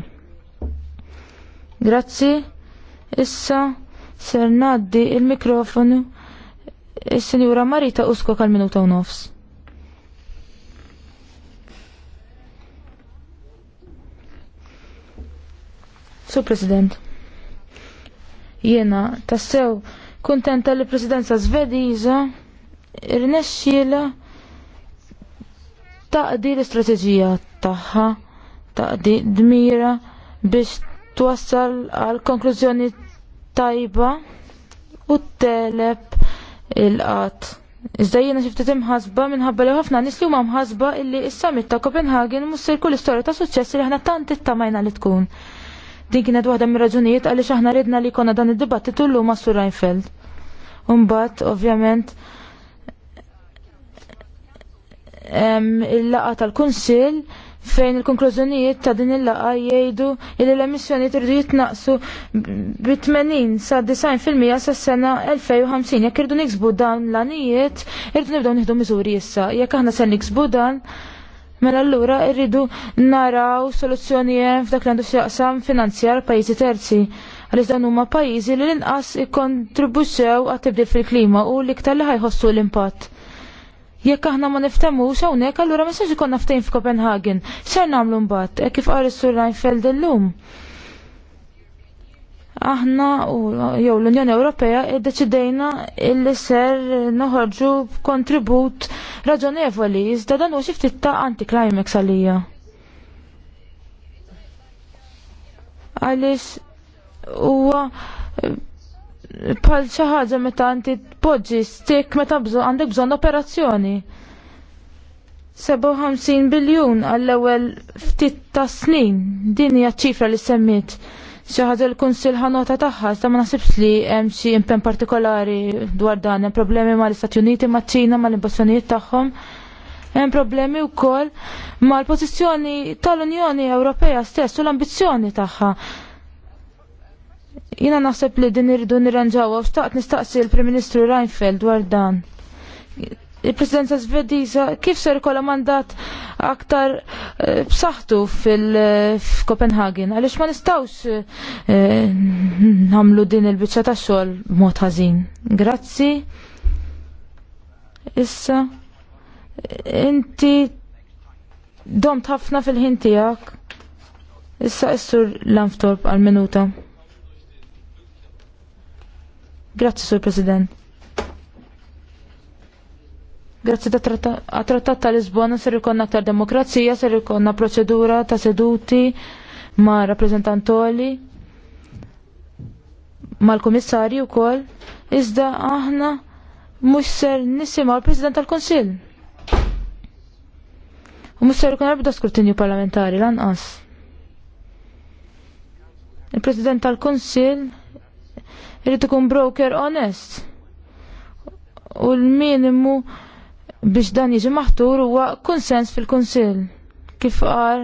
Grazzi. Issa ser naddi il-mikrofonu il sinjura Marita Usko kal-minuta u nofs. Sur President, jena tassew kontenta li presidenza svediża irnexxiela taqdi l-istrateġija tagħha taqdi dmira biex twassal għal konklużjoni tajba u teleb il-qat. Iżda jiena xi ftit imħasba minħabba li ħafna nies li huma mħasba illi s-summit ta' Copenhagen mussir kull istorja ta' suċċess li aħna tant ittamajna li tkun. Din kienet waħda mir raġunijiet għaliex aħna ridna li konna dan id-dibattitu llum ma' Sur Reinfeld. Umbat, ovvjament, il-laqa tal-Kunsil fejn il-konklużjonijiet ta' din il-laqa jgħidu li l-emissjoni tridu jitnaqsu bi 80 sa' 90% sa' sena 2050. Jekk irdu niksbu dan l-anijiet, irdu nibdew nieħdu miżuri issa. Jekk aħna se niksbu dan, Mela allura rridu naraw soluzzjonijiet f'dak li għandu x'jaqsam finanzjar pajjiżi terzi. Għaliex dan huma pajjiżi li l-inqas ikkontribwixxew għat-tibdil fil-klima u l-iktar li ħajħossu l-impatt. Jekk aħna ma niftemux hawnhekk allura ma sax ikun naftejn f'Kopenhagen. Xejn nagħmlu mbagħad, kif qari sur Reinfeld illum. lum aħna u jew l-Unjoni Ewropea iddeċidejna illi ser noħorġu kontribut raġonevoli iżda dan huwa xi ftit ta' anti-climax għalija. Għaliex huwa eh, bħal xi ħaġa meta inti tpoġġi stik meta għandek bżonn operazzjoni. 57 biljun għall-ewwel ftit ta' snin din hija ċifra li semmit xaħġa il konsil ħanota tagħha, sta ma nasibx li hemm xi impenn partikolari dwar dan, hemm problemi mal-Istati Uniti, maċ-Ċina, mal-imbassjonijiet tagħhom. Hemm problemi wkoll mal-pożizzjoni tal-Unjoni Ewropea stess u l-ambizzjoni tagħha. Jiena naħseb li din irridu nirranġawa u xtaqt nistaqsi l-Prim Ministru Reinfeld dwar dan il-presidenza svediża kif ser ikolla mandat aktar eh, b'saħħtu fil-Kopenhagen eh, għaliex ma nistgħux eh, nagħmlu din il-biċċa tax-xogħol b'mod ħażin. Grazzi. Issa inti domt ħafna fil-ħin tiegħek. Issa issur l-anftorb għal-minuta. Grazzi, Sur President. Grazzi għat-trattat ta' Lisbona ser ikonna aktar demokrazija, ser ikonna proċedura ta' seduti ma' rappresentantoli, ma' l-komissarju kol, iżda aħna mux ser nisimaw l-President tal-Konsil. U mux ser ikon ebda skrutinju parlamentari lanqas. Il-President tal-Konsil irrid ikun broker onest u l-minimu biex dan jiġi maħtur huwa konsens fil-Kunsill. Kif qal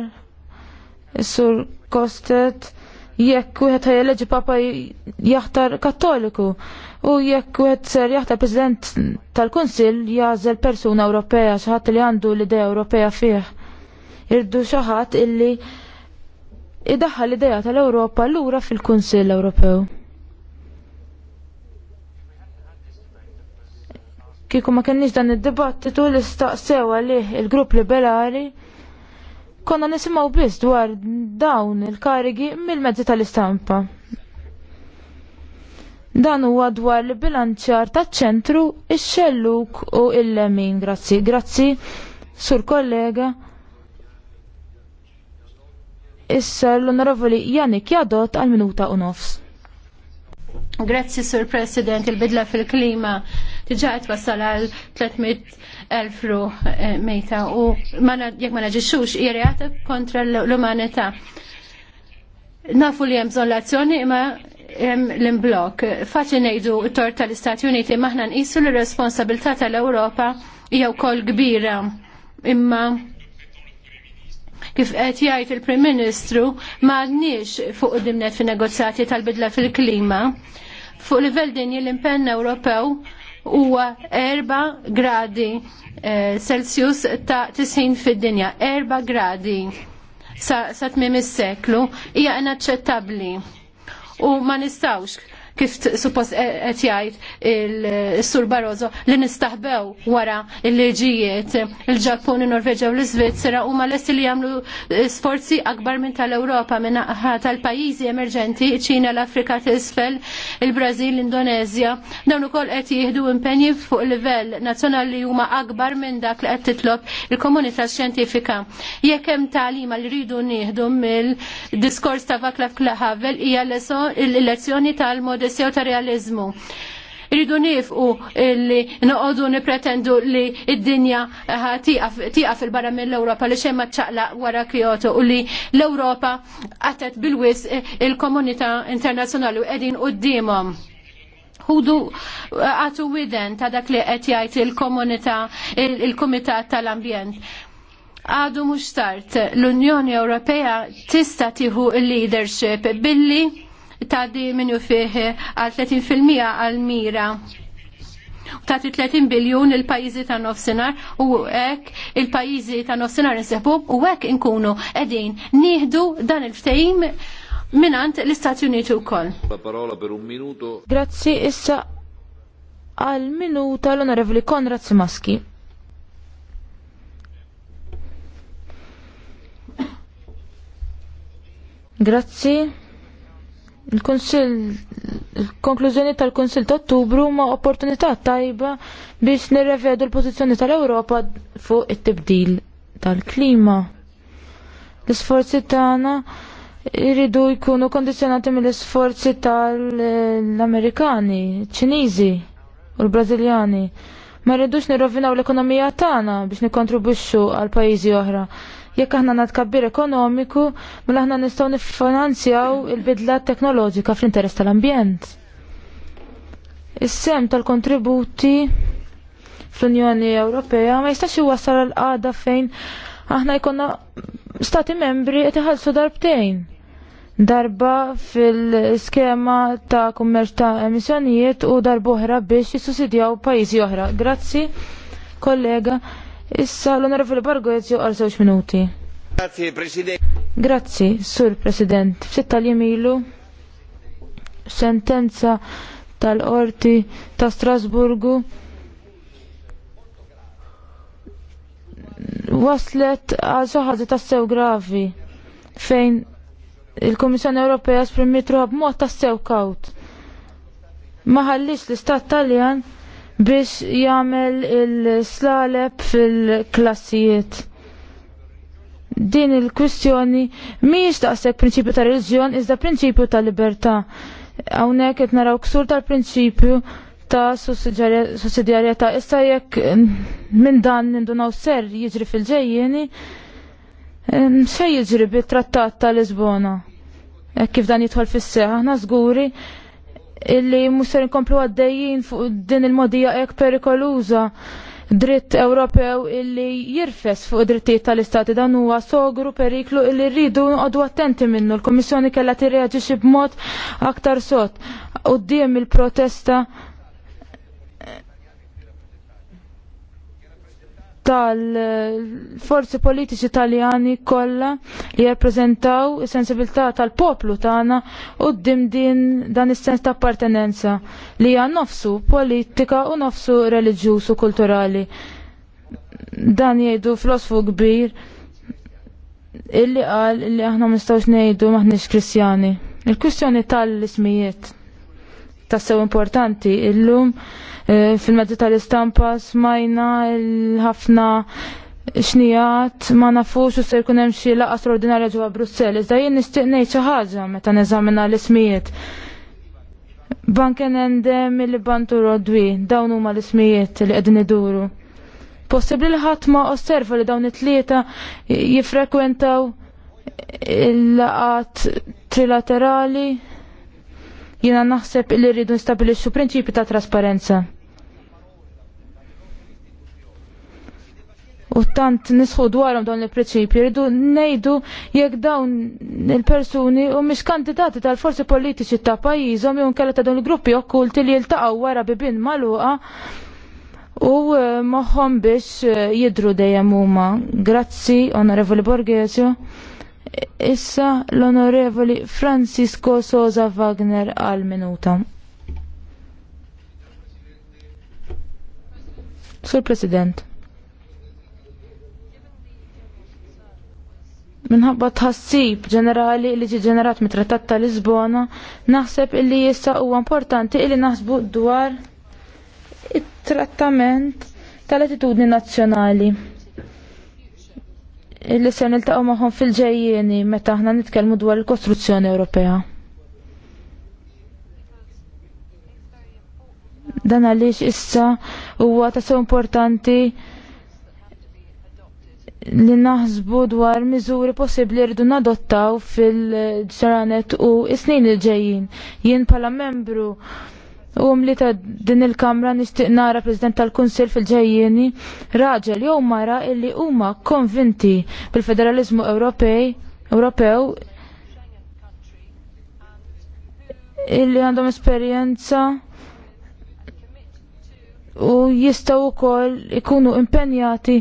is-Sur Kostet jekk wieħed ħajeleġi papa jaħtar Kattoliku u jekk wieħed ser jaħtar President tal-Kunsill jażel persuna Ewropea xi ħadd li għandu l-idea Ewropea fih. Irdu xi ħadd illi idaħħal l-idea tal-Ewropa lura fil-Kunsill Ewropew. kieku ma kenniġ dan id-dibattitu li staqsewa li il-grupp liberali konna nisimgħu biss dwar dawn il-karigi mill-mezzi tal-istampa. Dan huwa dwar li bilanċjar taċ-ċentru ix-xelluk u il-lemin. Grazzi, grazzi, sur kollega. Issa l-onorevoli Janik Jadot għal minuta u nofs. Grazzi, Sur President, il-bidla fil-klima diġa qed wassal għal 300,000 ru eh, mejta u jekk ma naġixxux hija kontra l-umanità. Nafu li hemm bżonn imma l-imblok. Faċi ngħidu t-tort tal-Istati Uniti maħna nqisu l-responsabilità tal-Ewropa jew wkoll kbira imma kif qed jgħid il-Prim Ministru m'għadniex fuq dimnet fin negozjati tal-bidla fil-klima. Fuq livell dinji l-impenn Ewropew huwa 4 gradi eh, Celsius ta' 90 fid-dinja, 4 gradi sa, sa tmiem is-seklu hija inaċċettabbli. U ma nistawx kif suppost e- qed jgħid il-Sur Barroso li nistaħbew wara l-liġijiet il-Ġappun, il norveġa u l-Iżvizzera huma lesti li jagħmlu eh, sforzi akbar minn tal-Ewropa minn tal-pajjiżi emerġenti, ċina, l-Afrika t'isfel, il-Brażil, l-Indonezja. Dawn ukoll qed jieħdu impenji fuq livell nazzjonali huma akbar minn dak li qed titlob il-komunità xjentifika. Jekk hemm tagħlima li rridu nieħdu mill-diskors ta' Vaklav Klaħavel hija l-lezzjoni tal-modi idealisti u ta' realizmu rridu nifqu li noqogħdu nipretendu li id-dinja eh, tiqa fil-barra mill-Ewropa li xemma ċaqla ċaqlaq wara Kyoto u li l-Ewropa qatet bil-wis eh, il-komunità internazzjonali u qegħdin qudiemhom. Hudu eh, għatu widen ta' dak li qed jgħid il-komunità il-Kumitat tal-Ambjent. Għadu mhux start l-Unjoni Ewropea tista' tieħu il-leadership billi tgħaddi minu fih għal 30% għal mira ta' 30 biljun il-pajizi ta' nofsinar u ek il-pajizi ta' nofsinar nsebu u ek inkunu edin nieħdu dan il-ftejim minant l-Istati Uniti u koll. Grazzi issa għal minuta l-onorevoli Konrad Simaski. Grazzi. Il-Konsil, il-konklużjoni tal-Konsil ta' Ottubru ma' opportunità tajba biex nirrevedu l-pożizzjoni tal-Ewropa fuq it-tibdil tal-klima. L-isforzi tagħna jridu jkunu kondizjonati mill-isforzi tal-Amerikani, Ċiniżi u l-Brażiljani. Ma rridux nirrovinaw l-ekonomija tagħna biex nikkontribwixxu għal pajjiżi oħra. Jekk aħna natkabbir ekonomiku, mela aħna nistgħu niffinanzjaw il-bidla teknoloġika fl-interess tal-ambjent. Is-sem tal-kontributi fl-Unjoni Ewropea ma jistax iwassal għal qada fejn aħna jkollna stati membri qed iħallsu darbtejn darba fil-skema ta' kummerċ ta' emissjonijiet u darba oħra biex jissussidjaw pajjiżi oħra. Grazzi, kollega. Issa l-Onorevoli Borgo jizju żewġ minuti. Grazie, President. Grazzi, Sur President. F'sitta li milu sentenza tal-Qorti ta' Strasburgu waslet għal soħazi ta' sew gravi fejn il-Kummissjoni Ewropea esprimiet ruħha b'mod ta' sew Ma ħallix l-Istat Taljan biex jagħmel il slaleb fil-klassijiet. Din il-kwistjoni mhijiex daqshekk prinċipju ta' reliġjon iżda prinċipju ta' libertà. Hawnhekk qed naraw ksur tal-prinċipju ta' sussidjarjetà issa jekk minn dan nindunaw ser jiġri fil ġejjeni xejn jiġri bit-trattat ta' Lisbona. Kif dan jidħol fis-seħ, aħna żguri illi musser inkomplu għaddejjin fuq din il-modija ek perikoluza dritt Ewropew illi jirfes fuq drittijiet tal-istati dan huwa sogru periklu illi rridu għadu attenti minnu. L-Komissjoni kellha tirreaġixxi b'mod aktar sot. Qudiem il-protesta tal-forzi politiċi taljani kollha li jirrappreżentaw is-sensibilità tal-poplu tagħna u din dan is-sens ta' appartenenza li hija nofsu politika u nofsu reliġjuż u kulturali. Dan jgħidu filosofu kbir illi qal li aħna ma nistgħux ngħidu maħniex Kristjani. Il-kwistjoni tal-ismijiet tassew importanti illum eh, fil-mezzi tal-istampa smajna l-ħafna xnijat ma nafux u ser kunem xie laqa straordinarja ġewwa Bruxelles. Iżda jien nistiqnej ngħid xi ħaġa meta neżamina l-ismijiet. Banken endem il-Bantu Rodwi, dawn huma l-ismijiet li qegħdin iduru. Possibbli l ħadd ma osserva li dawn it-tlieta jifrekwentaw il-laqat trilaterali Jiena naħseb li rridu nstabilixxu prinċipju ta' trasparenza. U tant nisħu dwarhom dawn il prinċipi rridu ngħidu jekk dawn il-persuni u mhix kandidati tal-forzi politiċi ta' pajjiżhom jew nkella ta' dawn il-gruppi okkulti li jiltaqgħu wara bibin magħluqa u eh, moħħom biex eh, jidru dejjem huma. Grazzi, Onorevoli Borgesio. Issa l-onorevoli Francisco Sosa Wagner għal minuta. Sur President. minħabba tħassib ġenerali li ġenerat mit-trattat ta' Lisbona, naħseb illi jissa huwa importanti illi naħsbu dwar it-trattament tal-attitudni nazzjonali li se niltaqgħu magħhom fil-ġejjieni meta aħna nitkellmu dwar il-kostruzzjoni Ewropea. Dan għaliex issa huwa ta' importanti li naħsbu dwar miżuri possibbli rridu nadottaw fil-ġranet u is-snin il-ġejjin. Jien bħala membru u li ta' din il-kamra nixtieq nara President tal-Kunsill fil-ġejjieni raġel jew mara illi huma konvinti bil-federalizmu Ewropej Ewropew illi għandhom esperjenza u jistgħu wkoll ikunu impenjati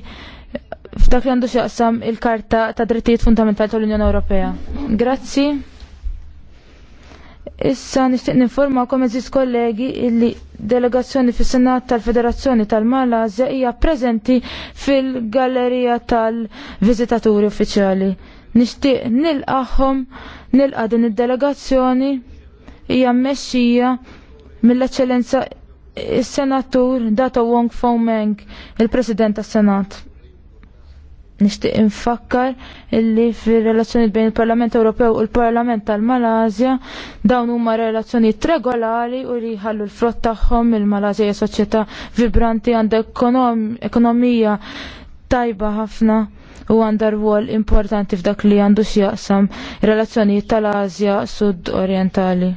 f'dak li għandu xaqsam il-karta ta' drittijiet fundamentali tal-Unjoni Ewropea. Grazzi. Issa nixtieq kom eżis kollegi illi delegazzjoni fis senat tal-Federazzjoni tal-Malazja hija preżenti fil-Gallerija tal-Viżitaturi Uffiċjali. Nixtieq nilqahom nilqa din id-delegazzjoni hija mmexxija mill-Eċċellenza is-Senatur Dato Wong Fomeng, il-President tas-Senat nixtieq infakkar illi fir-relazzjonijiet bejn il-Parlament Ewropew u l-Parlament tal malazja dawn huma relazzjonijiet regolari u li jħallu l-frott tagħhom il malazja hija soċjetà vibranti għandha ekonomija tajba ħafna u għandha rwol importanti f'dak li għandu x'jaqsam relazzjonijiet tal-Asja Sud Orientali.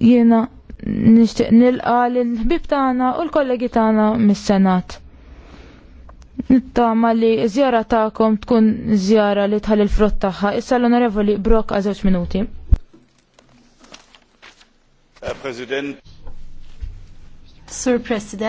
Jiena nixtieq nilqa l-ħbib tagħna u l-kollegi tagħna mis-Senat. Nittama li zjara ta'kom tkun zjara li tħalli l-frott tagħha. Issa l-onorevoli Brok għal żewġ minuti. President. Sur President.